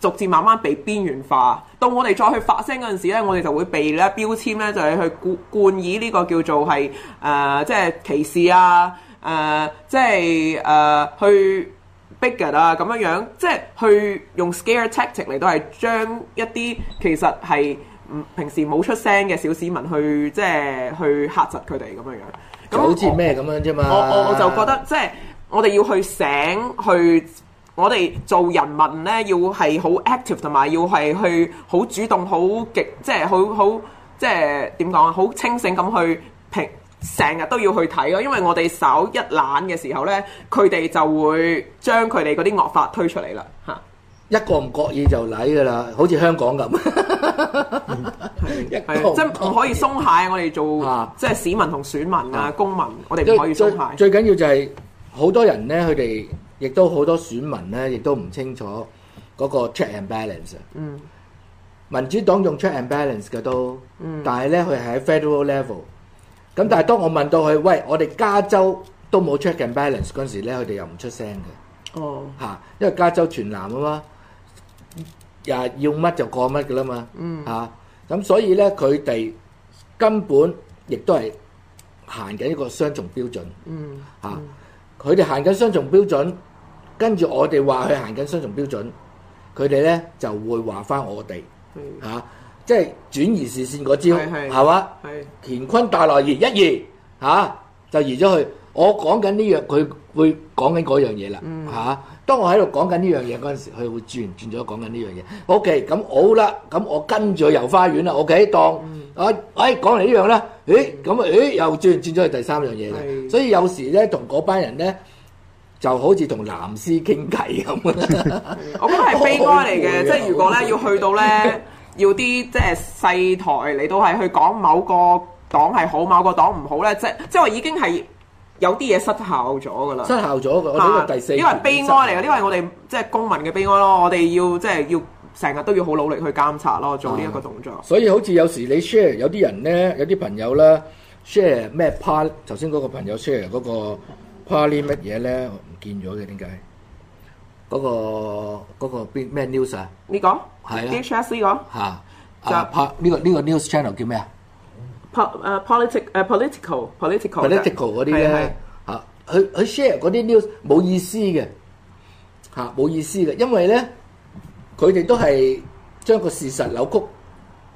逐漸慢慢被邊緣化，到我哋再去發聲嗰陣時咧，我哋就會被咧標籤咧，就係、是、去冠冠以呢個叫做係誒、呃、即係歧視啊，誒、呃、即係誒、呃、去 bigot 啊咁樣樣，即係去用 scare tactic 嚟到係將一啲其實係唔平時冇出聲嘅小市民去即係去嚇窒佢哋咁樣樣。咁好似咩咁樣啫嘛、啊？我我我就覺得即係我哋要去醒去。我哋做人民呢，要係好 active 同埋要係去好主動、好極，即係好好即係點講啊？好清醒咁去平，成日都要去睇咯。因為我哋稍一懶嘅時候呢，佢哋就會將佢哋嗰啲惡法推出嚟啦。嚇，一個唔覺意就嚟噶啦，好似香港咁。係、 嗯、 一唔、 就係、唔可以鬆懈我，我哋做即係市民同選民啊、公民，我哋唔可以鬆懈最。最緊要就係、係、好多人呢，佢哋。亦都好多選民咧，亦都唔清楚嗰個 check and balance。嗯，民主黨用 check and balance 嘅都、嗯，但係咧佢係喺 federal level、嗯。咁但係當我問到佢，喂，我哋加州都冇 check and balance 嗰陣時咧，佢哋又唔出聲嘅。哦，因為加州全藍啊嘛，又要乜就過乜嘅啦嘛。嗯、啊，咁所以咧佢哋根本亦都係行緊一個雙重標準。嗯，嗯，啊佢哋行緊雙重標準，跟住我哋話佢行緊雙重標準，佢哋咧就會話翻我哋嚇、啊，即係轉移視線嗰招，係嘛？乾坤大挪移，一移、啊、就移咗去。我講緊呢樣，佢會講緊嗰樣嘢啦嚇。當我喺度講緊呢樣嘢嗰陣時，佢會轉轉咗講緊呢樣嘢。O K，咁好啦，咁、okay, 我，我跟住去遊花園啦。O、okay, K，當我誒講嚟呢樣咧，誒咁啊，又轉轉咗去第三樣嘢啦。所以有時咧，同嗰班人咧，就好似同藍絲傾偈咁。是的 我覺得係悲哀嚟嘅，即係如果咧要去到咧，要啲即係細台嚟到係去講某個黨係好，某個黨唔好咧，即即係我已經係。有啲嘢失效咗噶啦，失效咗我呢個第四，因、啊、為悲哀嚟呢個係我哋即係公民嘅悲哀咯、啊，我哋要即係要成日都要好努力去監察咯，做呢一個動作。啊、所以好似有時你 share 有啲人咧，有啲朋友咧 share 咩 part，頭先嗰個朋友 share 嗰個 party 乜嘢咧，我唔見咗嘅點解？嗰、嗰個嗰、嗰個咩 news 啊？呢你講，DHS 講嚇，阿呢、呢個呢、啊 uh, 呢個呢個 news channel 叫咩啊？po 誒 political 誒 politicalpolitical 嗰啲咧嚇，佢佢 share 嗰啲 news 冇意思嘅嚇，冇意思嘅，因為咧佢哋都係將個事實扭曲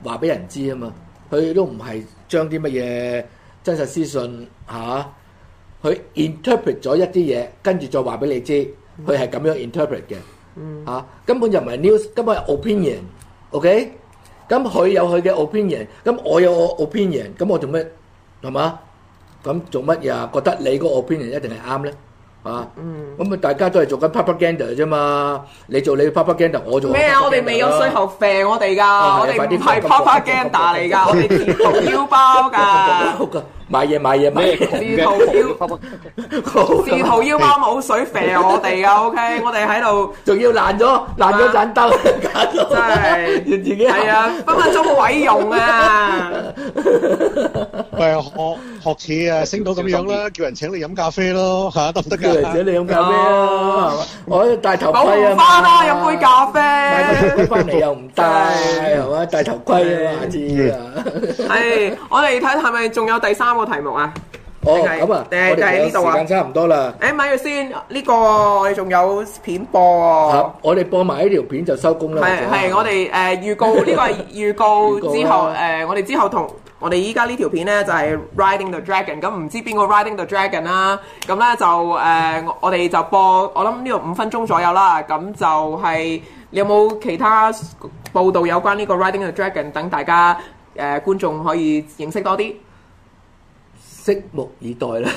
話俾人知啊嘛，佢都唔係將啲乜嘢真實資訊嚇，佢 interpret 咗一啲嘢，跟住再話俾你知，佢係咁樣 interpret 嘅嚇，根本就唔係 news，根本係 opinion，OK？咁佢有佢嘅 opinion，咁我有我 opinion，咁我做咩？係嘛？咁做乜嘢呀？覺得你個 opinion 一定係啱咧？啊？咁、嗯、啊，大家都係做緊 propaganda 啫嘛。你做你 propaganda，我做咩啊？我哋未有需求，肥我哋㗎，我哋唔係 propaganda 嚟㗎，我哋填腰包㗎。 買嘢買嘢買嘢，好自豪，好自豪，包冇水肥我哋啊！OK，我哋喺度，仲要爛咗，爛咗盞燈，真係自己係啊，分分鐘毀容啊！誒，學學似啊，升到咁樣啦，叫人請你飲咖啡咯，吓得唔得噶？請你飲咖啡咯，我戴頭盔啊，翻啦，飲杯咖啡，翻嚟又唔得，係嘛？戴頭盔啊，知啊？係，我哋睇係咪仲有第三？個題目啊，好咁啊，我哋有時間差唔多啦。誒，咪住先，呢個我哋仲有片播，我哋播埋呢條片就收工啦。係係，我哋誒預告呢個係預告之後誒，我哋之後同我哋依家呢條片咧就係 Riding the Dragon 咁，唔知邊個 Riding the Dragon 啦。咁咧就誒，我哋就播我諗呢度五分鐘左右啦。咁就係你有冇其他報道有關呢個 Riding the Dragon 等大家誒觀眾可以認識多啲？拭目以待啦，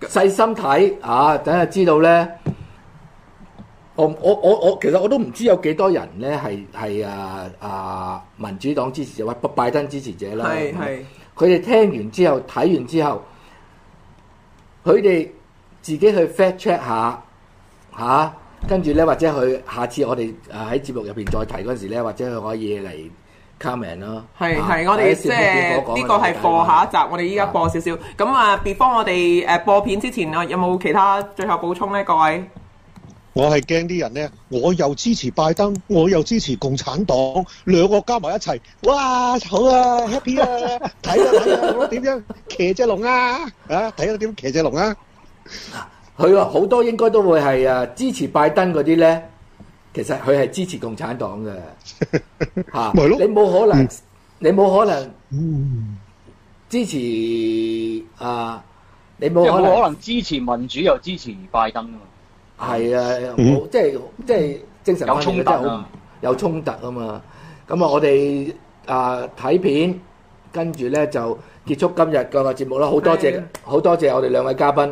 細心睇啊，等下知道咧。我我我我，其實我都唔知有幾多人咧，係係啊啊民主黨支持者或拜登支持者啦。係係，佢哋聽完之後，睇完之後，佢哋自己去 fact check 下嚇，跟住咧或者佢下次我哋誒喺節目入邊再提嗰時咧，或者佢可以嚟。靠名啦，係係、啊，我哋即係呢個係播下一集，我哋依家播少少。咁啊 b 方我哋誒播片之前啊，有冇其他最後補充咧？各位，我係驚啲人咧，我又支持拜登，我又支持共產黨，兩個加埋一齊，哇！好啊，happy 啊，睇啊睇啊，點、啊啊、樣騎隻龍啊？啊，睇下點騎隻龍啊？佢 好多應該都會係啊，支持拜登嗰啲咧。其實佢係支持共產黨嘅、 啊、你冇可能， 你冇可能支持啊！你冇可，可能支持民主又支持拜登啊嘛？係啊、嗯，即係即係精神有衝突有衝突啊嘛！咁啊，我哋啊睇片，跟住咧就。結束今日個個節目啦，好多謝好多謝我哋兩位嘉賓，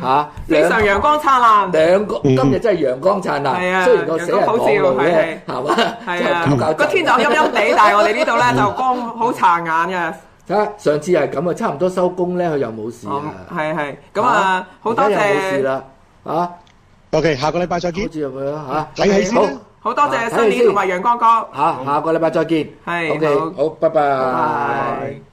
嚇！非常陽光燦爛，兩個今日真係陽光燦爛。雖然個死人講嘅咧嚇哇，係啊，個天就陰陰哋，但係我哋呢度咧就光好燦眼嘅。啊，上次係咁啊，差唔多收工咧，佢又冇事啊。係係，咁啊，好多謝。今日冇事啦，啊，OK，下個禮拜再見。攞住入去啦嚇。禮氣先。好，好多謝 Sunny 同埋陽光哥。嚇，下個禮拜再見。係。OK，好，拜拜。拜。